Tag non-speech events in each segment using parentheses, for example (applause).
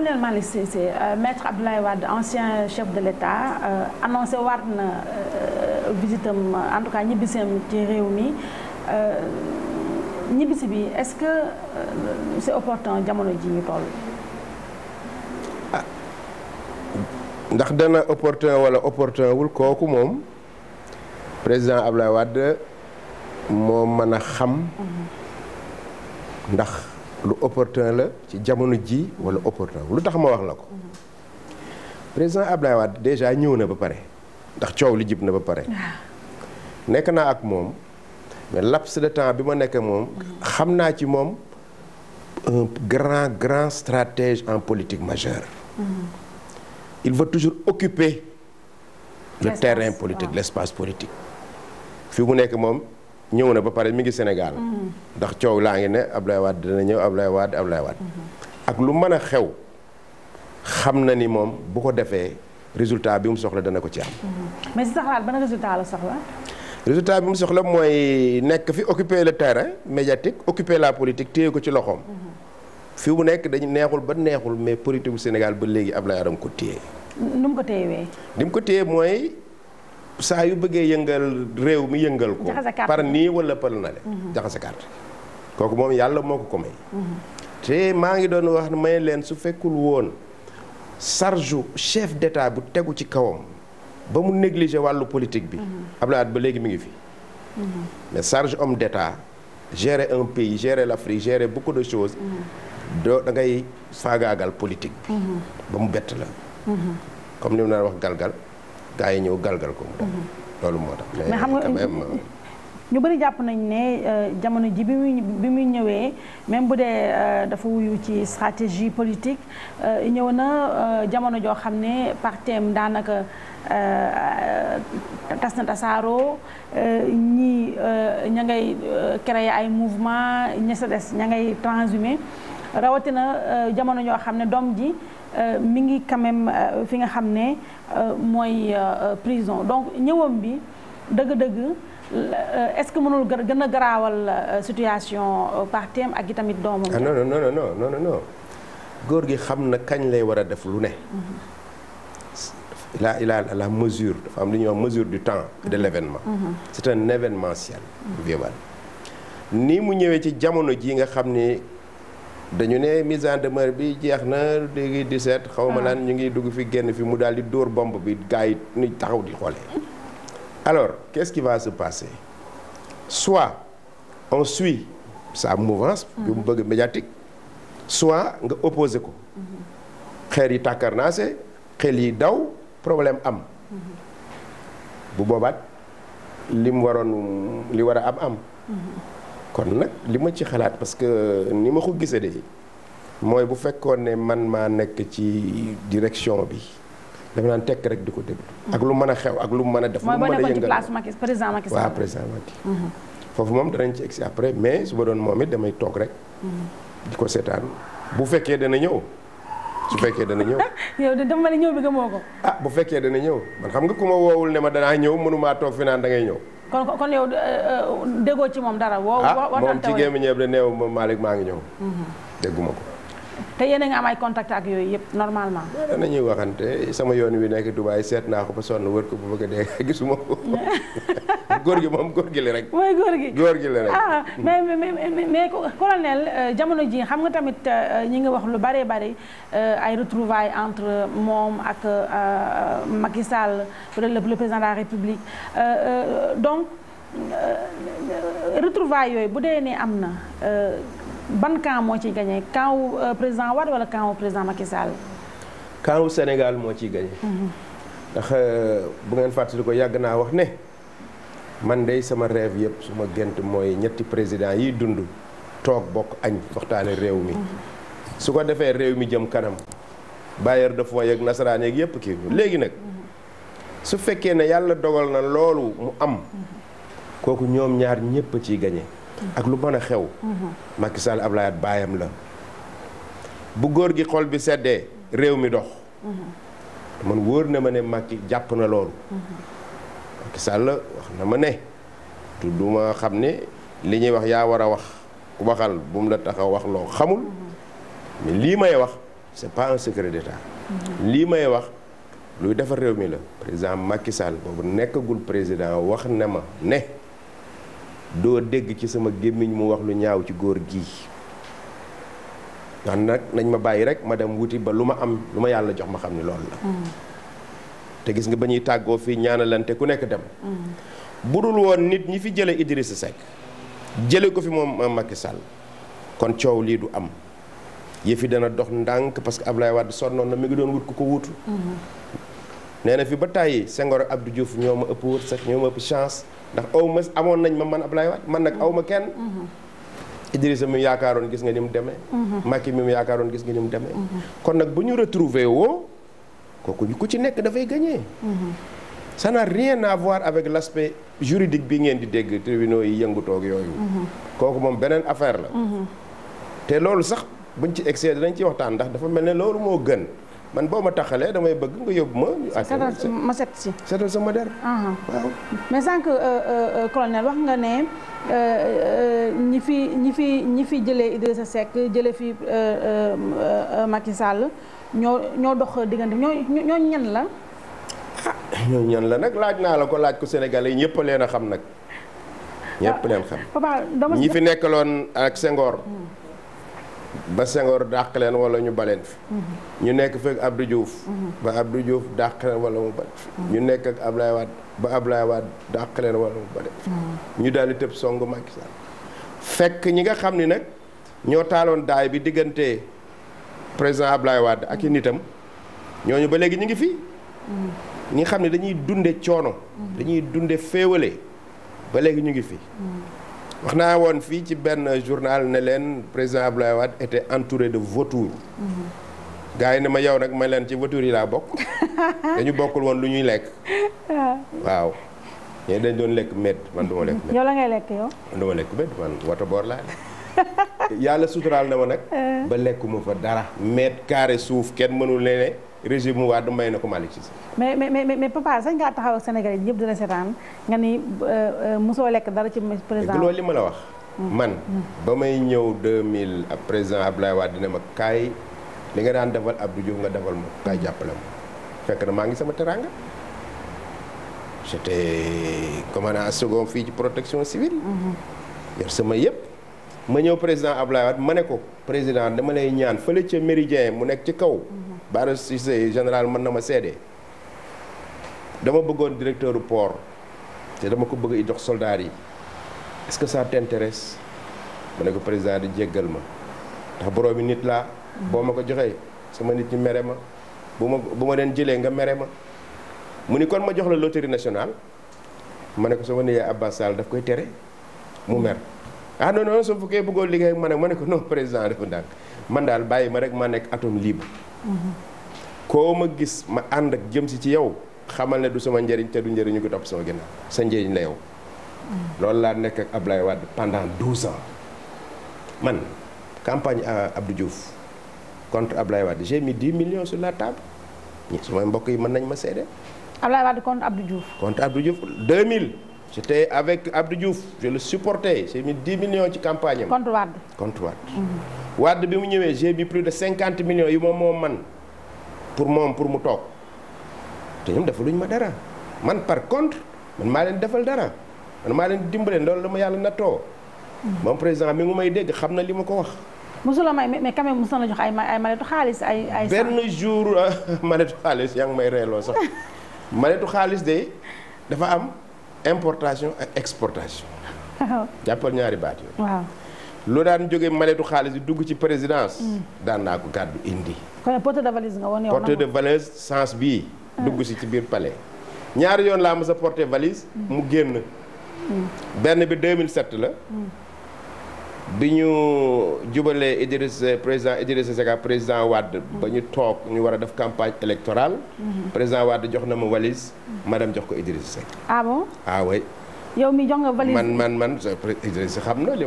Colonel Malick Cissé maître Abdoulaye Wade ancien chef de l'État euh, annoncé waat na euh, visitam en tout cas ñibbiseem ci réew mi euh, ñibbisi bi est-ce que c'est opportun jamono ji ñu toll. Ah, ndax dana opportun wala opportun wul kooku moom président Abdoulaye Wade moo mën a xam mhm. ndax. lu opportun la ci jamono ji wala opportun lu tax ma wax la ko président Abdoulaye Wade déjà ñëw na ba pare ndax coow lu jib na ba pare nekk naa ak moom mais laps de temps bi ma nekk moom xam naa ci moom un grand grand stratège en politique majeure mm-hmm. il va toujours occuper le terrain politique l'espace politique fi mu nekk moom ñëw na ba pare mi ngi Sénégal. ndax coow laa ngi ne Ablaye Wade dina ñëw ab Wade Ablaye ak lu mën a xew xam na ni moom bu ko defee résultat bi mu soxla dana ko ci am. mais si saxlaat ban résultat la soxla. résultat bi mu soxla mooy nekk fi occuper le terrain médiatique occuper la politique téye ko ci loxoom. fi mu nekk dañ neexul ba neexul mais politique bu Sénégal ba léegi Ablaye Adam ko téye. nu ko téyewee. mu ko téye mooy. saa yu bëggee yëngal réew mi yëngal ko par nii wala par na le mhm. jaxase carte kooku moom yàlla moo ko ko may mhm. te maa ngi doon wax may leen su fekkul woon charge chef d'état bu tegu ci kawam ba mu négligé wàllu politique bi mhm. Abdoulaye Wade ba léegi mi ngi fi mais charge homme d'état gérer un pays gérer l'Afrique gérer beaucoup de choses doo da ngay faagaagal politique bi ba mu bett la comme ni mu naan wax galgal temps yi ñëw galgal ko mu mhm. dem mais xam nga euh, ñu bëri jàpp nañ ne euh, jamono ji bi muy bi muy ñëwee même bu dee euh, dafa wuyu ci stratégie politique ñëw na jamono joo xam ne partem daanaka tas na tasaaroo ñi ña ngay créer ay mouvement ña sa des ña ngay transhumer rawatina jamono joo xam ne doom ji Euh, mi ngi quand euh, fi nga xam ne euh, mooy prison donc ñëwam bi dëgg-dëgg est-ce que mënul gën a garaawal situation partem ak itamit doomam. ah non non non non góor gi xam na kañ lay war a def lu ne. Mm-hmm. il a il la mesure dafa am lu ñuy wax mesure du temps de mm-hmm. l'événement. Mm-hmm. c'est un événementiel. vival ni mu ñëwee ci jamono ji nga xam ni. dañu ne mise en demeure bi jeex na léegi 17 xaw ma ah. lan ñu ngi dugg fi génn fi mu daal di dóor bomb bi gars yi ni taxaw di xoolee. alors qu'est-ce qui va se passer soit on suit sa mouvance. Mm-hmm. bi mu bëgg médiatique. soit nga opposé ko. Mm-hmm. xeer yi naa se xel yi daw problème am. Mm-hmm. bu boobaat lim waroon li war a am am. kon nag li ma ci xalaat parce que ni ma ko gisee de mooy bu fekkoon ne man maa nekk ci direction bi dama naan tekk rek di ko déglu. Mm-hmm. ak lu mën a xew ak lu mën a def. lu mën a yëngal mooy boo nekkoon ci place mm-hmm. foofu moom danañ ci egsi après mais su ba doon moom it damay toog rek. Mm-hmm. di ko seetaan bu fekkee dana ñëw. su fekkee dana ñëw. (laughs) yow de ne ñëw bi gëmoo ko. ah bu fekkee dana ñëw man xam nga ku ma woowul ne ma danaa ñëw mënumaa toog fi naan dangay ñëw. kon kon yow euh, euh, déggoo ci moom dara. woo ah, woo waxtaan moom ci gémmiñam neew ma Malick maa ngi ñëw. Mm-hmm. dégguma ko. te yeneen a am ay contact ak yooyu yëpp normalement. waaw nañuy waxante sama yoon wi nekk Dubaay seet naa ko ba sonn wër ko bu bëgg a dee (laughs) gisuma ko. (laughs) góor gi moom góor gi la rek. mooy góor gi góor gi la rek. Ah, mais mais mais colonel euh, jamono ji xam nga tamit euh, ñi ngi wax lu bare bare euh, ay retrouvailles entre moom ak Macky Sall le président de la République donc retrouvailles yooyu bu dee ne am na. ban camp moo ci gagné camp euh, président Wade wala camp wu président Macky Sall. camp Sénégal moo ciy gagné. Mm-hmm. ndax euh, bu ngeen fàttali ko yàgg naa wax ne man de sama rêve yëpp ma gént mooy ñetti président yiy dund toog bokk añ waxtaane réew mi. Mm-hmm. su ko defee réew mi jëm kanam. bailleur de fonds nasaraan yëpp kii mm-hmm. léegi nag su fekkee ne yàlla dogal na loolu mu am kooku ñoom ñaar ñëpp ciy gañe ak lu mën a xew. Macky Sall Ablaye baayam la. bu góor gi xol bi seddee réew mi dox. man wóor na ma ne Macky jàpp na loolu. Macky Sall wax na ma ne. tudduma xam ne li ñuy wax yaa war a wax ku waxal bu la tax wax loo xamul. mais lii may wax c'est pas un secret d'état. lii may wax luy defar réew mi la président Macky Sall boobu nekkagul président wax na ma ne. doo dégg ci sama gémmiñ mu wax lu ñaaw ci góor gi ndax nag nañ ma bàyyi rek ma dem wuti ba lu ma am lu ma yàlla jox ma xam ni lool la mm. te gis nga ba ñuy tàggoo fii ñaanalante ku nekk dem mm. bu dul woon nit ñi fi jële Idrissa Seck jële ko fi moom Macky Sall kon coow lii du am yëf yi dana dox ndànk parce que Abdoulaye Wade sonnoon na mi ngi doon wut ku ko wuutu mm-hmm. nee na fi ba tàyyi Senghor Abdou Diouf ñoo ma ëpp wërsëg ñoo ma ëpp chance ndax aw ma amoon nañ ma man Ablaye Wade man nag aw ma kenn. Mhm. Idrissa mi yaakaaroon gis nga ni mu demee. Mhm. Macky mi yaakaaroon gis nga ni mu mhm. kon nag bu ñu retrouver woo kooku ku ci nekk dafay gagné. ça n'a rien à avec laspe aspect juridique bi ngeen di dégg tribunaux yi yëngutoog yooyu. kooku moom beneen affaire la. te loolu sax buñ ci excès dinañ ci waxtaan ndax dafa mel ne loolu moo gën. man boo ma taxalee damay bëgg nga yóbbu ma. ñu ma set si. setal sama der. waaw. mais sànq euh, euh, euh, colonel wax nga ne ñi fi ñi fi ñi fi jëlee Idrissa Seck jëlee fi Macky Sall ñoo ñoo dox diggante ñoo ñoo la. ah ñoo ñan la nag laaj naa la ko laaj ko Sénégalais yi ñëpp leen a xam nag. Ah, ñëpp leen xam. papa ñi fi nekkaloon ak Senghor. Hmm. ba Senghor dàq leen wala ñu baleen fi ñu nekk fekk Abdou Diouf ba Abdou Diouf dàq leen wala nekk ak Ablaye ba Ablaye Wade dàq leen wala mu baleen fi ñu daal tëb songu Macky Sall fekk ñi nga xam ni nag ñoo taaloon daay bi diggante président Ablaye Wade ak i nitam ñooñu ba léegi ñu ngi fi. ñi xam ne dañuy dunde coono dañuy dunde féewale ba léegi ñu ngi fi. wax naa woon fii ci benn journal na leen président Abdoulaye Wade était entouré de vautours. gars yi ne ma yow nag ma leen ci vautours yi laa bokk (laughs) dañu bokkul woon lu ñuy lekk. Ah. waaw. ñooñu dañ doon lekk medd man du ma lekk medd. yow la laa (laughs) yàlla suturaal na ma nag. Ah. ba lekkuma fa dara. mètre carré suuf kenn mënul leneen. régime waa du may na ko Malick Cissé mais mais mais mais papa sañ ngaa taxaw ak Sénégalais yi ñëpp dina seetaan nga ni euh, euh, mosoo lekk dara ci président loolu li ma la wax. Hmm. man hmm. ba may ñëw 2000 ak président Abdoulaye Wade dina ma kaay li nga daan defal Abdou Diouf nga defal ma kaay jàppale ma fekk na maa ngi sama teraanga. j'étais commandant second fii ci protection civile. Hmm. yor sama yëpp. ma ñëw président Abdoulaye Wade ma ne ko président dama lay ñaan fële ca méridien mu nekk ci kaw. Bara Cissé général mën na ma seede dama bëggoon directeur du port te dama ko bëgg i jox soldaar yi est-ce que ça t'intéresse ma ne ko président di jéggal ma ndax boroomi nit laa boo ma ko joxee sama nit ñi mere ma bu ma bu ma deen jëlee nga mere ma mu ni kon ma jox la loterie national ma ne ko sama nijaay Abbas Sall daf koy tere mu mer ah non non su fekkee bëggoon liggéey ak ma ne ma ne ko non président dafa ndànk man daal bàyyi ma rek ma nekk atome libre koo ma gis ma ànd ak jëm si ci yow xamal ne du sama njëriñ te du njëriñu ko topp sama ginnaaw sa njëriñ la yow. loolu laa nekk ak Ablaye Wade pendant douze ans man campagne Abdou Diouf contre Ablaye Wade j'ai mis dix millions sur la table ñi sumay mbokk yi mën nañ ma seede. Ablaye Wade contre Abdou Diouf. contre Abdou Diouf 2000. j'étais avec Abdou Diouf je le supportais j'ai mis dix ci campagne am. contre Wade contre Wade. Mm-hmm. Wade bi mu ñëwee j'ai bi plus de 50 millions yu ma moom man pour moom pour mu toog te ñoom defaluñ ma dara man par contre man maa leen defal dara man maa leen dimbale loolu la ma yàlla nattoo. moom président mi ngi may dégg xam na li ma ko wax. mosul may mais quand même mos na jox ay ay maletu xaalis ay ay. benn jour (laughs) maletu xaalis yaa ngi may reeloo sax maletu xaalis de dafa am importation ak exportation. (laughs) jàppal ñaari baat yooyu. lu daan jóge maletu xaalis di dugg ci présidence. Mm. daan naa ko gàddu indi. kon porte de valise nga woon yow porte de valise sens bii. Ah. dugg si ci biir pale ñaari yoon laa mës a porter valise. Mm. mu génn. Mm. benn bi 2007 la. bi ñu jubalee Idriss euh, président Idriss Seck ak président Wade. ba ñu toog ñu war a campagne électorale. Mm-hmm. président Wade jox na ma valise. madame jox ko Idriss Seck. Ah ah yow mi jox nga valise man man man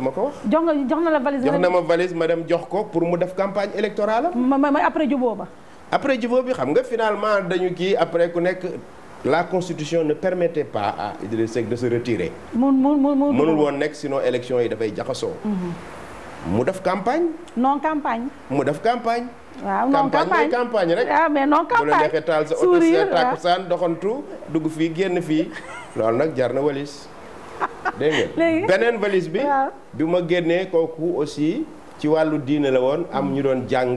ma ko wax. jox nga jox na la valise jox na ma valise ma dem jox ko pour mu def campagne électorale ma ma après jubóo ba. après jubóo bi xam nga finalement dañu kii après ku nekk. la constitution ne permettait pas a Idrissa Seck de se retirer. mënul woon nekk sinon élection yi dafay mhm. mu def campagne. non campagne. mu def campagne. waaw non campagne campagne rek. Ah, waaw non campagne. jar na walis. dégg beneen valise bi bi ma génnee kooku aussi ci wàllu diine la woon am ñu doon jàng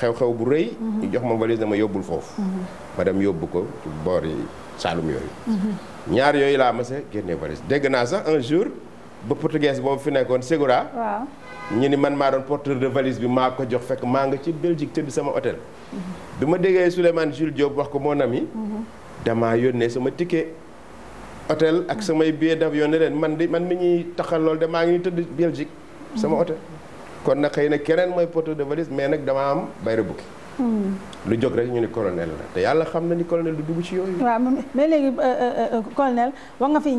xew-xew bu rëy mhm. ñu jox ma valise dama yóbbul foofu mhm. ma dem yóbbu ko ci boori Saalum yooyu mhm. ñaar yooyu laa ma a génnee valise dégg naa sax un jour ba portugais boobu fi nekkoon Ségura waaw ñu ni man maa doon porteur de valise bi maa ko jox fekk maa nga ci Belgique tëdd sama hôtel bi ma déggee Souleymane Jules Diop wax ko mon ami damaa yónnee sama ticket hôtel ak samay billet d'avion ne leen man di man mi ñuy taxal loolu de maa ngi tëdd Belgique sama mhm. hôtel kon nag xëy na keneen mooy porteur de valise mais nag damaa am bayra mhm. lu jóg rek ñu ni colonel la te yàlla xam na ni colonel du dugg ci yooyu. waaw mais léegi euh, euh, euh, colonel wax nga fi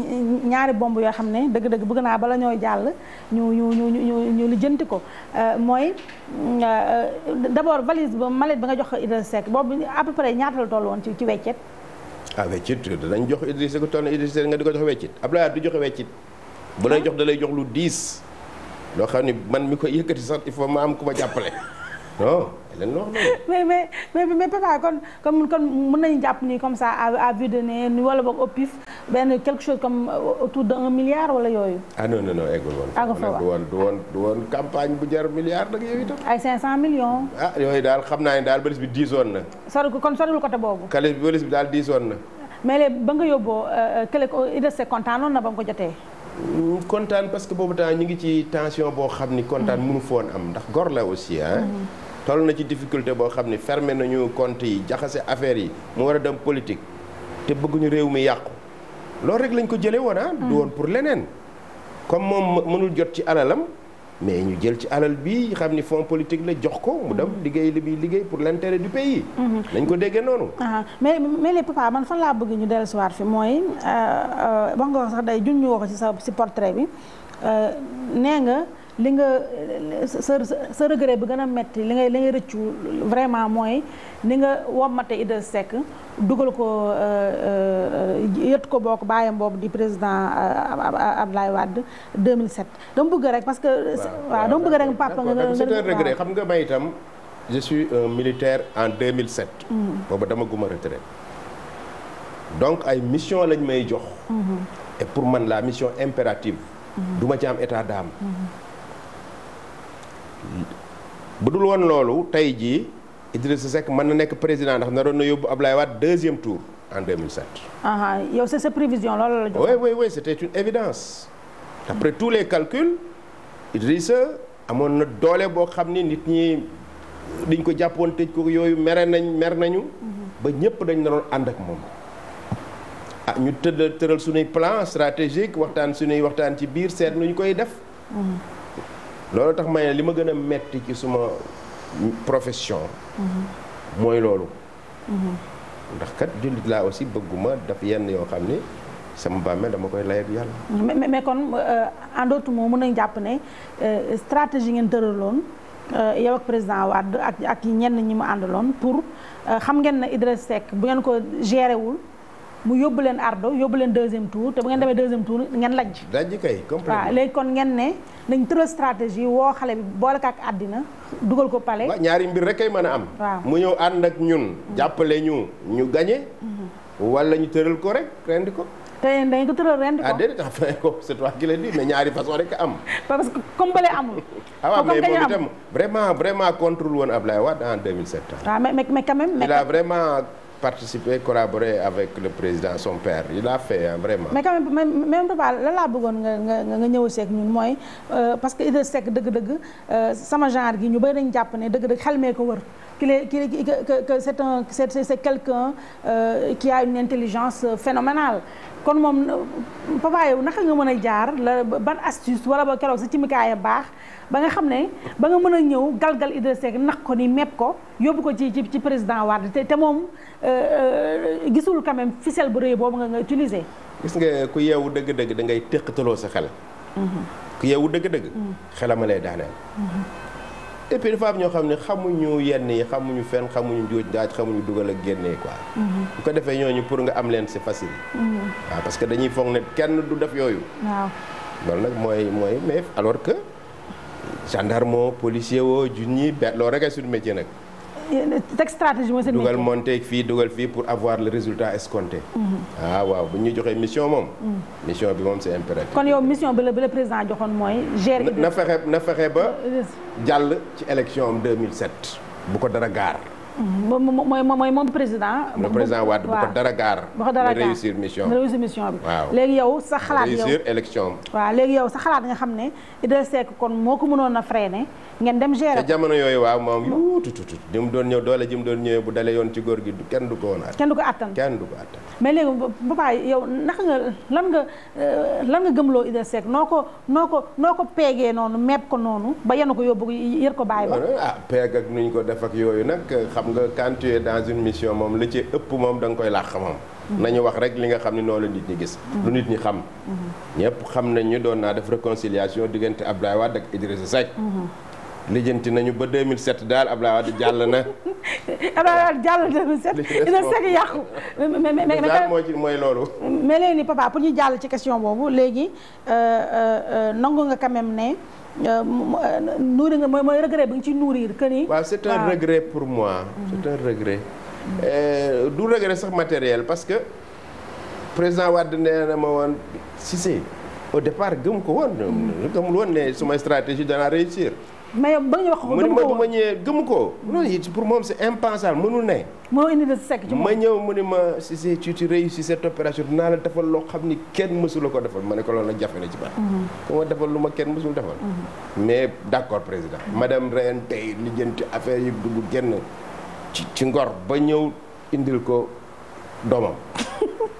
ñaari bomb yoo xam ne dëgg-dëgg bëgg naa bala ñooy jàll ñu ñu ñu ñu ñu lijjanti ko mooy d'abord valise ba mallette ba jox ko Idrissa boobu à peu près ñaata la toll woon ci ci weccet. ah weccit danañ jox Idrissa ko toll na nga di ko jox weccit Abdoulaye du joxe weccit bu lay ah. jox dalay jox lu diis loo xam ne man mi ko yëkkati sax il faut ma am ku ma jàppale non leen loo mais mais mais mais kon comme kon mën nañu jàpp nii comme ça à vue de wala boog au pif benn quelque chose comme euh, autour de un milliard wala yooyu. ah non non non woon. eggul fa waaw du woon du woon campagne bu jar milliard nag ay 500 millions. ah yooyu daal xam naa ne daal bëlis bi diisoon na. sori kon soriwul côté boobu. kalis bëlis bi daal diisoon na. mais léegi ba nga yóbboo euh, euh, kële ko Idrissa kontaan noonu na ba ko jotee. Mm, kontaan parce que boobu temps ñu ngi ci tension boo xam ni. kontaan mm-hmm. mënu foon am ndax gor la aussi ah. toll na ci difficulté boo xam ni fermé nañu compte yi jaxase affaires yi mu war a dem politique te bëgguñu réew mi yàqu loolu rek lañ ko jëlee woon ah. du mm. woon pour leneen comme moom mënul jot ci alalam mais ñu jël ci alal bii xam ni fonds politique la jox ko mu dem mm. liggéey li muy liggéey pour l'intérêt du pays. lañ mm-hmm. ko déggee noonu. Ah, mais mais les papa man fan laa bëgg ñu dellusiwaat fi mooy wax euh, euh, nga sax day junj ñu wax ci sa ci portrait bi euh, nee nga. li nga sa regret bi gën a metti li ngay li ngay rëccu vraiment mooy ni nga wommate Idda Seck dugal ko euh, euh, yët ko bokk bàyyam mboob di président euh, Abdoulaye Wade 2007 dama bëgg rek parce que waaw dama bëgg rek papa nga c'est un regret xam nga may itam je suis un militaire en 2007 mm-hmm. boobu dama guma retraite donc ay mission lañ may jox mm-hmm. et pour man la mission impérative mm-hmm. duma ma ci am état d'âme bu dul woon loolu tey jii Idrissa Seck mën na nekk président ndax doon na yóbbu Ablaye Wade deuxième tour en 2007. yow c'est sa prévision loolu la jox. oui oui oui c'était une évidence. d'après tous les calculs sa amoon na doole boo xam ni nit ñi dañ ko jàpp woon tëj ko yooyu mere nañ mer nañu. Mhm. ba ñëpp dañ naroon ànd ak moom. ah ñu tëdd tëral suñuy plan stratégique waxtaan suñuy waxtaan ci biir seet nu ñu koy def. Mhm. loolu tax may li ma gën a metti ci suma profession mooy loolu ndax kat jullit laa aussi bëgguma daf yenn yoo xam ni sama bàmmeel dama koy layag yàlla. mais mais kon en euh, d'autres mots mën nañu jàpp ne euh, stratégie ngeen tëraloon euh, yow ak président Wade ak ak ñenn ñi mu àndaloon pour xam ngeen ne Idriss Seck bu ngeen ko géré mu yóbbu leen ardo yóbbu leen deuxième tour te bu ngeen demee deuxième tour ngeen lajj. lajj kay complètement waaw kon ngeen ne nañ tëral stratégie woo xale bi boole ko àddina dugal ko pale ñaari mbir rek kay mën a am. waaw mu ñëw ànd ak ñun. Mm-hmm. jàppale ñu ñu gagné. Mm-hmm. wala ñu tëral ko rek rendi ko. te yéen ko tëral rendi ko ah déedéet ah fay ko ñaari façon rek am. (laughs) parce que comme bële amul. (laughs) ah waaw mais moom itam vraiment vraiment contrôle woon Ablaye Wade en 2007. waaw ah, mais mais quand même. il a vraiment. participer collaborer avec le président son père il a fait hein, vraiment. mais quand même même papa lan laa bëggoon nga nga nga ñëw seeg ñun mooy euh, parce que Idrissa Seck dëgg-dëgg euh, sama genre gi ñu bëri dañ jàpp ne dëgg-dëgg xel mee ko wër. qu'il est qu'il est que que c'est un c'est c'est quelqu'un euh, qui a une intelligence phénoménale kon moom papa yow naka nga mën a jaar la ban astuce wala ba keroog sa cimikaay baax. ba nga xam ne ba nga mën a ñëw galgal Idrissa Seck nax ko ni mepp ko yóbbu ko ci ci président Wade te te moom euh, euh, gisul quand même ficelle bu rëy boobu nga nga gis nga ku yeewu dëgg-dëgg da ngay téqataloo sa xel. Mhm. ku yeewu dëgg-dëgg. Mhm. xelama lay daaneel. Mhm. et puis dafa ñoo xam ne xamuñu yenn yi xamuñu fenn xamuñu njuuj daaj xamuñu dugal ak génne quoi. bu ko defee ñooñu pour nga am leen si facile. waa parce que dañuy foog ne kenn du def yooyu. waaw loolu nag mooy mooy alors que. gendarme oo policier wo junni benn loolu rek ay suñu métier nag. teg stratégie mooy seen métier dugal monté fii dugal fii pour avoir le résultat escompté. Mm-hmm. ah waaw bu ñu joxee mission moom. Mm-hmm. mission bi moom se impératif. kon yow mission bi la bi la président joxoon mooy. gérer na fexe na fexe ba jàll ci élection am 2007 bu ko dara gaar. mooy mooy moom président. le président Wade bu ko dara gaar. bu ko dara gaar réussir mission bi réussir mission bi. waaw léegi yow sa xalaat yow élection waaw léegi yow sa xalaat nga xam ne Idrissa Seck kon moo ko mënoon a freiné. ngeen dem gérer jamono yooyu waaw moom lu yuututut di jëm doon ñëw doole jëm mu doon ñëwee bu dalee yoon ci góor gi kenn du ko woon attan kenn du ko attan kenn du ko attan mais léegi papa yow naka nga lan nga euh, lan nga gëmloo Idrissa Seck noo ko noo ko noo ko peegee noonu meeb ko noonu ba yenu ko yóbbu yër ko bàyyi ba euh, ah peeg ak nuñ ko def ak yooyu nag xam nga quand dans une mission moom li ci ëpp moom da nga koy làq moom mm-hmm. nañu wax rek li nga xam ne noonu la nit ñi gis mm-hmm. lu nit ñi xam mm-hmm. ñëpp xam nañ ñu doon naa def réconciliation diggante ab Wade ak Idrissa Seck lijjanti nañu ba 2007 daal Abdoulaye Wade jàll na. Abdoulaye Wade jàll 2007 dina sëg yàqu. mais mais mais daal moo ci mooy loolu. mais léegi nii papa pour ñu jàll ci question boobu léegi euh, euh, euh, nangu nga quand même ne nuuri nga mooy mooy regret bi nga ci nourrir que waa waaw c'est un regret pour moi. Mm-hmm. c'est un regret. du regret sax matériel parce que président Wade nee na ma woon Cissé au départ gëm ko woon. gëmul woon ne suma stratégie dana réussir. mais yow ba nga ñu wax ko gëm ko ma ñëwee mm. pour moom c'est impensable mënul ne. moo indi de sec ci ma ñëw mu ne ma si si tu réussis cette opération dinaa la defal loo xam ni kenn mësu la ko defal ma ne ko loolu nag jafe na ci baax. Mm-hmm. ku ma defal lu ma kenn mësul defal. Mm-hmm. mais d'accord président. Mm-hmm. madame Reine tey lijjanti affaire yi dugg génn ci ci ngor ba ñëw indil ko doomam. (laughs)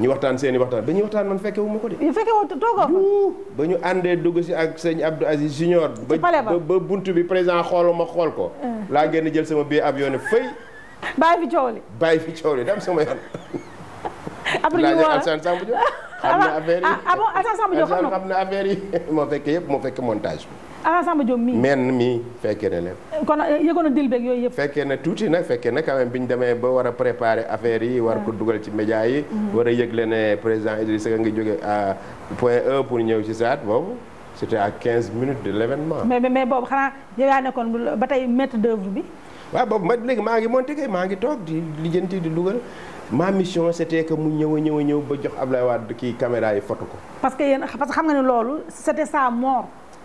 ñu waxtaan seeni i waxtaan ba ñuy waxtaan man fekke wu ma ko de. fekke wu toogoo ba ñu àndee dugg si ak sëñ Abdou Aziz Junior. ba ba bunt bi xool ma xool ko. Eh. laa génn jël sama billet avion ne fëy. bàyyi fi coow li bàyyi fi coow li dam sama yoon. après ñu woo Alassane Samba Diop (laughs) xam na affaire yi ah, ah, ah xam na affaire yi (laughs) moo fekkee yëpp moo fekk montage ah Samba Diop mii men mii fekkee na lépp. kon eh, yëgoon na dil beeg yooyu yëpp. fekkee na tuuti nag fekkee na quand même bi ñu demee ba war a préparer affaire yi. war ko ah. dugal ci média yi. Mhm. war a yëgle ne président Idrissa Seck nga jóge à e pour ñëw ci saat boobu. c'était à quinze minutes de l'événement. mais mais mais boobu xanaa yow yaa ba tey maître d'œuvre bi. waaw boobu man léegi maa ngi monté kay maa ngi toog di lijjanti di dugal ma mission c'était que mu ñëw a ñëw a ñëw ba jox Ablaye Wade kii caméra yi photo ko. parce que yéen parce que xam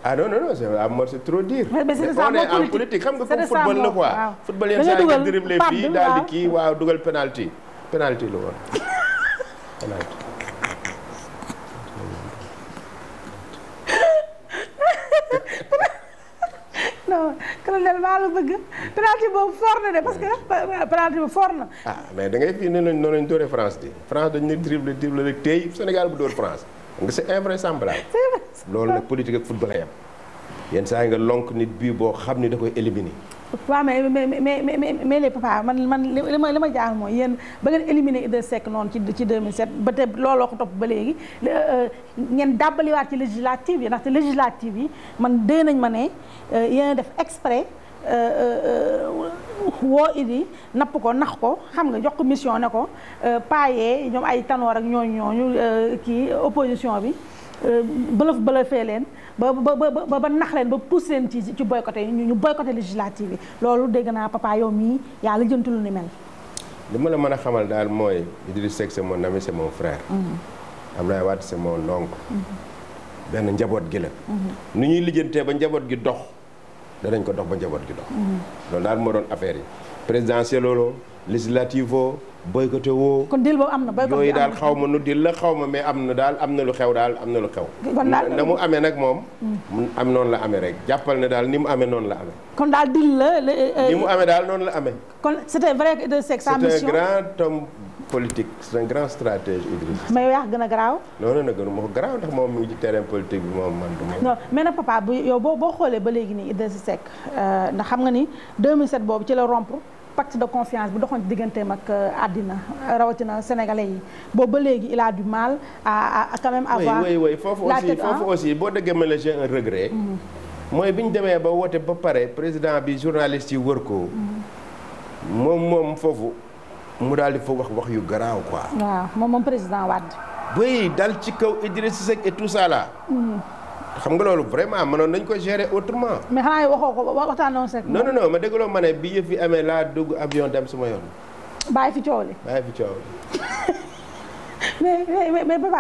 ah non non non c'est ah man c'est trop dire. mais c'est ça mooy politique xam nga comme football la quoi. waaw football yenn saa yi nga dribble fii daal di kii waaw dugal penalty penalty la woon penalty. (laughs) non colonel na de parce que penalty euh, boobu fort ah mais da ngay fii noonu lañ dóoree France di France dañ ne dribble dribble rek tey Sénégal bu dóor France. nga c'est invraisemblable loolu nag politique ak football a yam yenn saa yi nga lonk nit bii boo xam ni da koy éliminer waaw mais mais mais mais les man man li ma li ma jaaxal mooy yéen ba ngeen éliminé Idrissa Seck noonu ci ci 2007 ba te looloo ko topp ba léegi euh, ngeen dàbbaliwaat ci législative yi ndaxte législative yi man dee nañ ma ne euh, yéen def exprès woo idi napp ko nax ko xam nga jox ko mission ne ko euh, paayee ñoom ay tanoor ak ñooñu ñooñu euh, kii opposition bi euh, bëlëf bëlëfee leen ba ba ba ba nax leen ba pousse leen ci ci boycotté ñu ñu boycotté législative loolu dégg naa papa yow mii yaa la jëntu lu ni mel. li ma la mën a xamal daal mooy Idriss Seck c'est mon ami c'est mon frère. Mm-hmm. Abdoulaye Wade c'est mon oncle. Mm-hmm. benn njaboot gi la. Mm-hmm. nu ñuy lijjantee ba njaboot gi dox. danañ ko dox ba njaboot gi dox. Mhm. loolu daal moo doon affaire yi présidentiel loolu législative woo boycotté woo. kon dil boobu am na boycott yooyu daal xaw ma nu dil la xaw ma mais am na daal am na lu xew daal am na lu xew. na mu amee nag moom. Mhm. mu am noonu la amee rek jàppal na daal ni mu amee noonu la amee. kon daal dil la. Euh, ni mu amee daal noonu la amee. kon c'était vrai que c'est sa mission c'était politique c'est un grand stratège Idriss. mais yow gën a garaaw. non non gën ma ko ndax moom mi ngi bi moom man du ma. non papa bu yow boo boo xoolee ba léegi nii Idriss Seck euh, ndax xam nga ni 2007 boobu ci la rompre pacte de confiance bu doxoon ci digganteem ak euh, àddina rawatina sénégalais yi boobu ba léegi il du mal a à quand même. avoir oui oui foofu aussi boo déggee ma la j'ai regret. Mm-hmm. mooy bi ñu demee ba woote ba pare président bi journaliste yi wër ko. Mm-hmm. moom moom mu daal di fa wax wax yu garaaw quoi. waaw moom moom président Wade. bay dal ci kaw Idrissa Seck et tout ça là. Hmm. xam nga loolu vraiment mënoon nañ ko gérer autrement. mais xanaa waxoo ko waxtaanoo Seck. non non ma déggloo ma ne bi yëf yi amee laa dugg avion sama yoon. bàyyi fi coow li bàyyi fi coow (laughs)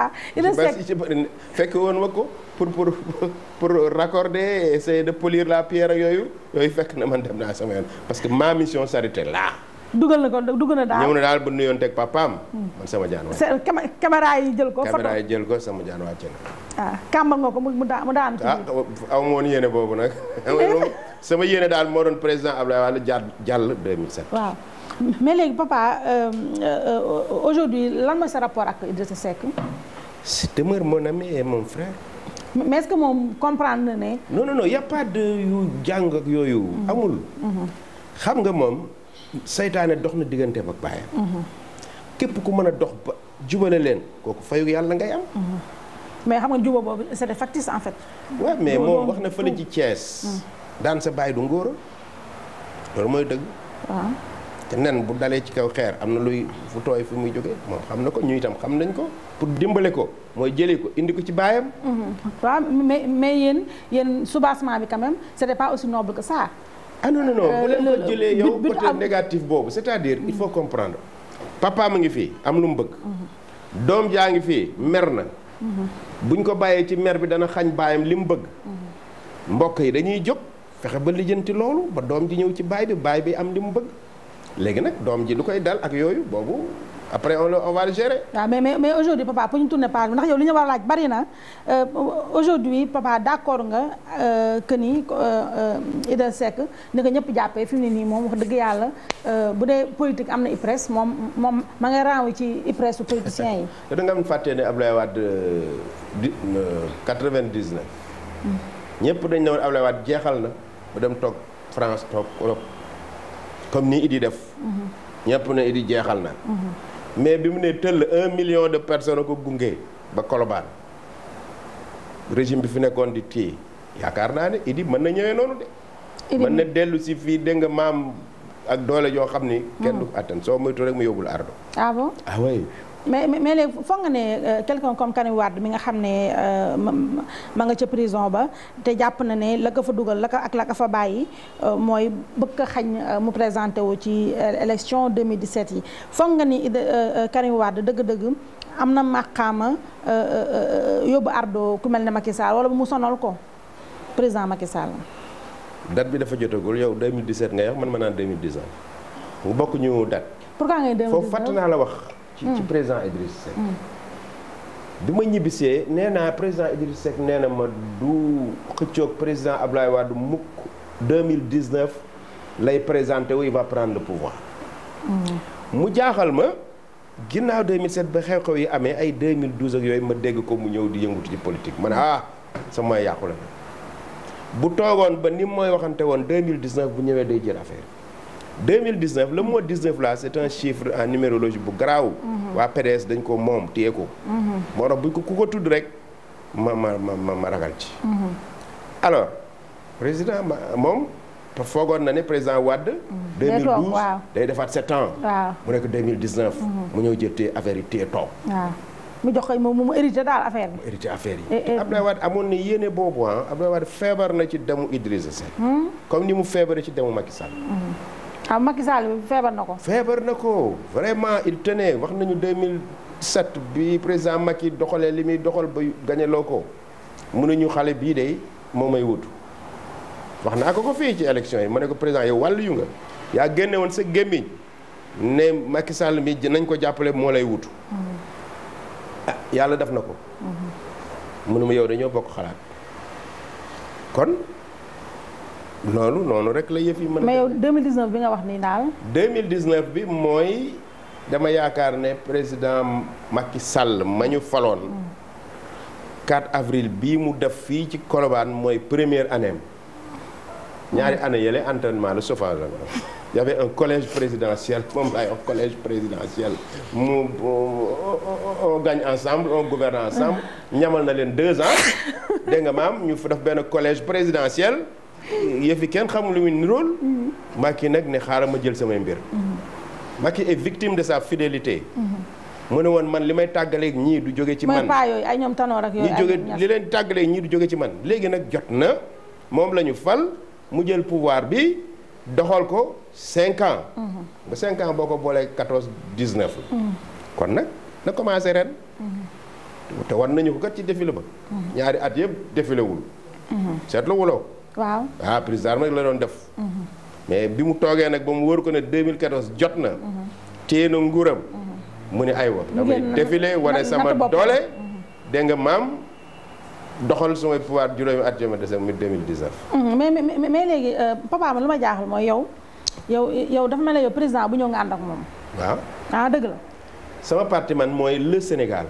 fekk woon ma ko pour pour pour raccorder essayer de polir la pierre yooyu yooyu fekk na man dem naa sama yoon parce que ma mission s'arrêtait là. dugal na ko dugal na daal ñëw na daal ba nuyoon teg papaam. man sama jaan wàcc. seen caméra yi jël ko. photo caméra ko sama jaan wàcc na. ah nga ko mu daan mu daan. ah aw ma woon yéene boobu nag. (laughs) sama yéene daal moo doon président Abdoulaye Wade jàll jàll 2007. waaw mais léegi papa euh, euh, aujourd'hui lan ma sa rapport ak Idrissa Seck. c'est demeure mon ami et mon frère. mais est-ce que moom comprendre na ne. non non non y a yu jàng yooyu. Mm-hmm. amul. Mm-hmm. xam nga moom. seytaane dox na digganteem ak baayam képp ku mën a dox ba jubale leen kooku fayu yàlla ngay am mais xam nga juba boobu c'est factice en fait waaw mais moom wax na fële ci Thiès daan sa baay du ngóor loolu mooy dëgg waaw ah. te nen bu dalee ci kaw xeer am na luy fu tooy fu muy jógee moom xam na ko ñu itam xam nañ ko pour dimbale ko mooy jëlee ko indi ko ci baayam waaw mm-hmm. mais mais yéen yéen soubassement bi quand même c'était pas aussi noble que ça ah non non non euh, bu leen ko jëlee yow côté négatif boobu c'est-à-dire il faut comprendre papa mu ngi fii am lu mu bëgg doom jaa ngi fii mer na buñ ko bàyyee ci mer bi dana xañ baayam li mu bëgg mbokk yi dañuy jóg fexe ba lijjanti loolu ba doom ji ñëw ci baay bi baay bi am li mu bëgg léegi nag doom ji lu koy dal ak yooyu boobu après on, on va le gérer. waaw ah, mais mais mais aujourd'hui papa pour ñu tourner page bi ndax yow li ñu war a laaj bari na euh, aujourd'hui papa d'accord nga euh, que ni euh, Idda Seck ni ko ñëpp jàppee fi mu ne nii moom wax dëgg yàlla bu dee politique am na IPRES moom moom ma raaw ci IPRES su politiciens yi. am (laughs) fàtte ne Abdoulaye di 99. Mm. dañ ne woon jeexal na mu dem toog France toog Europe comme ni Idi def. Mm-hmm. ñëpp ne Idi jeexal na. Mm-hmm. mais bi mu nee tëll un million de personnes ko gunge ba Colobane régime bi fi nekkoon di téye yaakaar naa ne Idi mën na ñëwee noonu de. mën na dellu si fii dégg nga maam ak doole joo xam ni. kenn du ko hmm. attan soo moytu rek mu yóbbul ardo. ah bon ah mais mais léegi foog nga ne euh, quelqu'un comme Karim Wade mi nga xam ne euh, ma nga ca prison ba te jàpp na ne la ko fa dugal la ko ak la ko fa bàyyi euh, mooy bëgg ko xañ mu présenté wu ci élection 2017 yi foog nga ni Karim Wade dëgg-dëgg am na màqaama yóbbu ardo ku mel ne Macky Sall wala mu sonal ko président Macky Sall. date bi dafa jotagul yow 2017 nga wax man ma naan 2019 mu bokk ñu date. pourquoi ngay 2019 foofu fàtt naa la wax. ci ci président Idriss Seck. Mm. bi ma ñibbisee nee naa président Idriss Seck nee na ma du xëccoog président Ablaye Wade mukk 2019 lay présenté wu il va prendre le pouvoir. Mm. mu jaaxal ma ginnaaw 2007 ba xew-xew yi amee ay 2012 ak yooyu ma dégg ko mu ñëw di yëngutu ci politique ma ne ah sama yàqu la bu toogoon ba ni mooy waxante woon 2019 bu ñëwee day jël affaire. 2019 le mot 19 là c' est un chiffre en numérologie bu garaaw. Mhm. waa PDS dañ ko moom téye ko. Mhm. moo tax bu ku ko tudd rek ma ma ma ma ragal ci. Mhm. alors président moom foogoon na ne président Wade. 2012 day defaat 7 ans. waaw mu nekk 2019. mu ñëw jël affaire yi téye toog. mu jox ko moom mu hérité daal affaire bi. mu hérité affaire yi. Eh, eh. Abdoulaye Wade amoon na yéene boobu ah Abdoulaye Wade feebar na ci demu Idrissa Seck. Hmm? comme ni mu feebaree ci demu Macky Sall. Hmm. ah Macky Sall feebar na ko. feebar na ko vraiment il tenait wax nañu 2007 bi président Macky doxalee li muy doxal ba gañeloo ko mun mënuñu xale bii de moom may wut. wax naa ko ko fii ci élection yi ma ne ko président yow wàllu yu nga yaa génne woon sa gémmiñ ne Macky Sall mi nañ ko jàppale moo lay wutu ah yàlla def na ko. Mm-hmm. mënuma yow dañoo bokk xalaat kon. loolu noonu rek la yëf yi mën a. mais yow bi nga wax nii daal. 2019 bi mooy dama yaakaar ne président Macky Sall ma ñu faloon. 4 hmm. avril bii mu def fii ci Colobane mooy première année ñaari hmm. année yële entraînement la chauffage y avait un collège présidentiel moom laay wax collège présidentiel mu on gagne ensemble on gouverne ensemble (laughs) ñamal na leen deux ans dégg nga maam ñu def benn collège présidentiel. yëf yi kenn xamul lu muy nirool Macky nag ne xaaral ma jël samay mbir Macky est victime de sa fidélité mm-hmm. mu ne woon man li may tàggaleeg ñii du jóge ci man yooyu ay ñoom tanoor ak yooyu ñi du jóge ci man léegi nag jot na moom la ñu fal mu jël pouvoir bi doxal ko cinq ans mm-hmm. ba cinq ans boo ko boolee quatorze dix-neuf la mm-hmm. kon nag na commencé ren te war nañu ko kat ci défilé ba ñaari at yëpp défilé wul seetlu waaw ah prise d'armes rek la doon def. Mhm. mais bi mu toogee nag ba mu wër ko ne 2014 jot na. Mhm. téye na nguuram. Mhm. mu ne aywa damay défilé wane sama doole. dégg nga maam doxal sumay pouvoir juróomi at jëmale sa mi 2019. mais mais mais léegi euh, papa ma lu ma jaaxal mooy yow yow yow dafa mel ne président bu ñëw nga ànd ak ah, sama parti man mooy le Sénégal.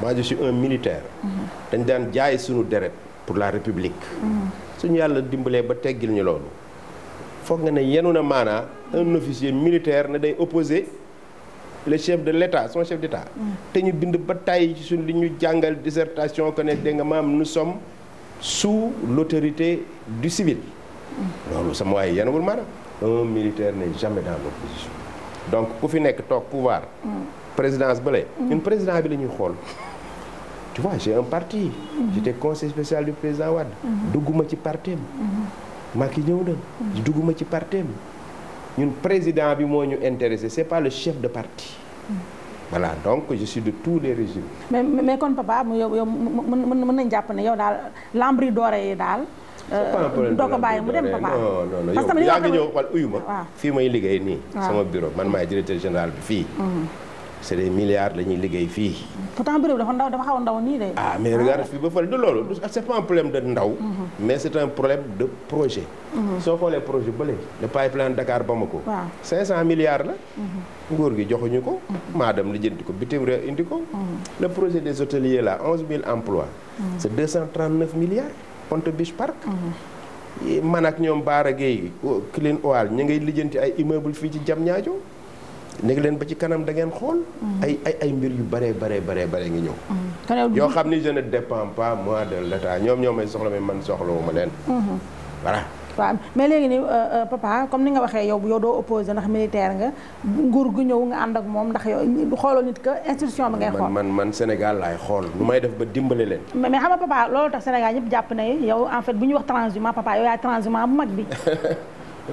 moi je suis un militaire. dañ daan jaay sunu deret pour la République. suñu yàlla dimbalee ba teggil ñu loolu foog nga ne yenu na maanaa un officier militaire na day opposé le chef de l' état son chef d' mm. te ñu bind ba tàyyi ci suñ li ñu jàngal dissertation que de nga maam nous sommes sous l' autorité du civil. Mm. loolu sama waaye yenuwul maanaam. un militaire n'est jamais dans opposition. donc ku fi nekk toog pouvoir. Mm. présidence bële. ñun président bi la ñuy xool. tu vois j'ai un parti. Mm -hmm. j'étais conseil spécial du président Wade. Mhm. dugguma ci parteem mhm. maa ki ñëw na. Mhm. dugguma ci parteem ñun président bi moo ñu intéressé c'est pas le chef de parti. voilà donc je suis de tous les régimes. mais mais kon papa mu yow yow mën nañu jàpp ne yow daal lambris dorés yi daal. Euh, doo ko bàyyi mu dem papa non non yaa ngi ñëw wala uyu ma. fii may liggéey nii. sama bureau man maay directeur général bi fii. c'est des milliards la ñuy liggéey fii. pourtant béréb dafa ndaw dafa xaw ndaw nii de. ah mais regarde ah. fii ba fële du loolu c'est pas problème de ndaw. Mm-hmm. mais c'est un problème de projet. Mm-hmm. soo xoolee projet bële le pipeline Dakar Bamako. waaw 500 milliards la. Mm-hmm. nguur gi joxuñu ko. maa dem lijjanti ko bitim réew indi ko. projet des hôteliers là 11000 emplois. c'est 239 milliards. Ponte Beach Park. man ak ñoom Baara Gueye Clean Oil ñu ngay lijjanti ay immeubles fii ci nekk leen ba ci kanam da ngeen xool. ay ay mbir yu bare bare bare bare ngi ñëw. Mm-hmm. yoo xam ni je ne dépend pas moi de l'état ñoom ñoo may soxla mais man soxlawu ma leen. Mm-hmm. voilà. waaw mais léegi nii euh, euh, papa comme ni nga waxee yow yow doo opposé ndax militaire nga nguur gu ñëw nga ànd ak moom ndax yow xooloo nit que institution bi ngay xool man man Sénégal laay xool lu may def ba dimbale leen mais xam nga papa loolu tax Sénégal ñëpp jàpp na yow en fait bu ñuy wax transhumant papa yow yaay transhumant bu mag (laughs)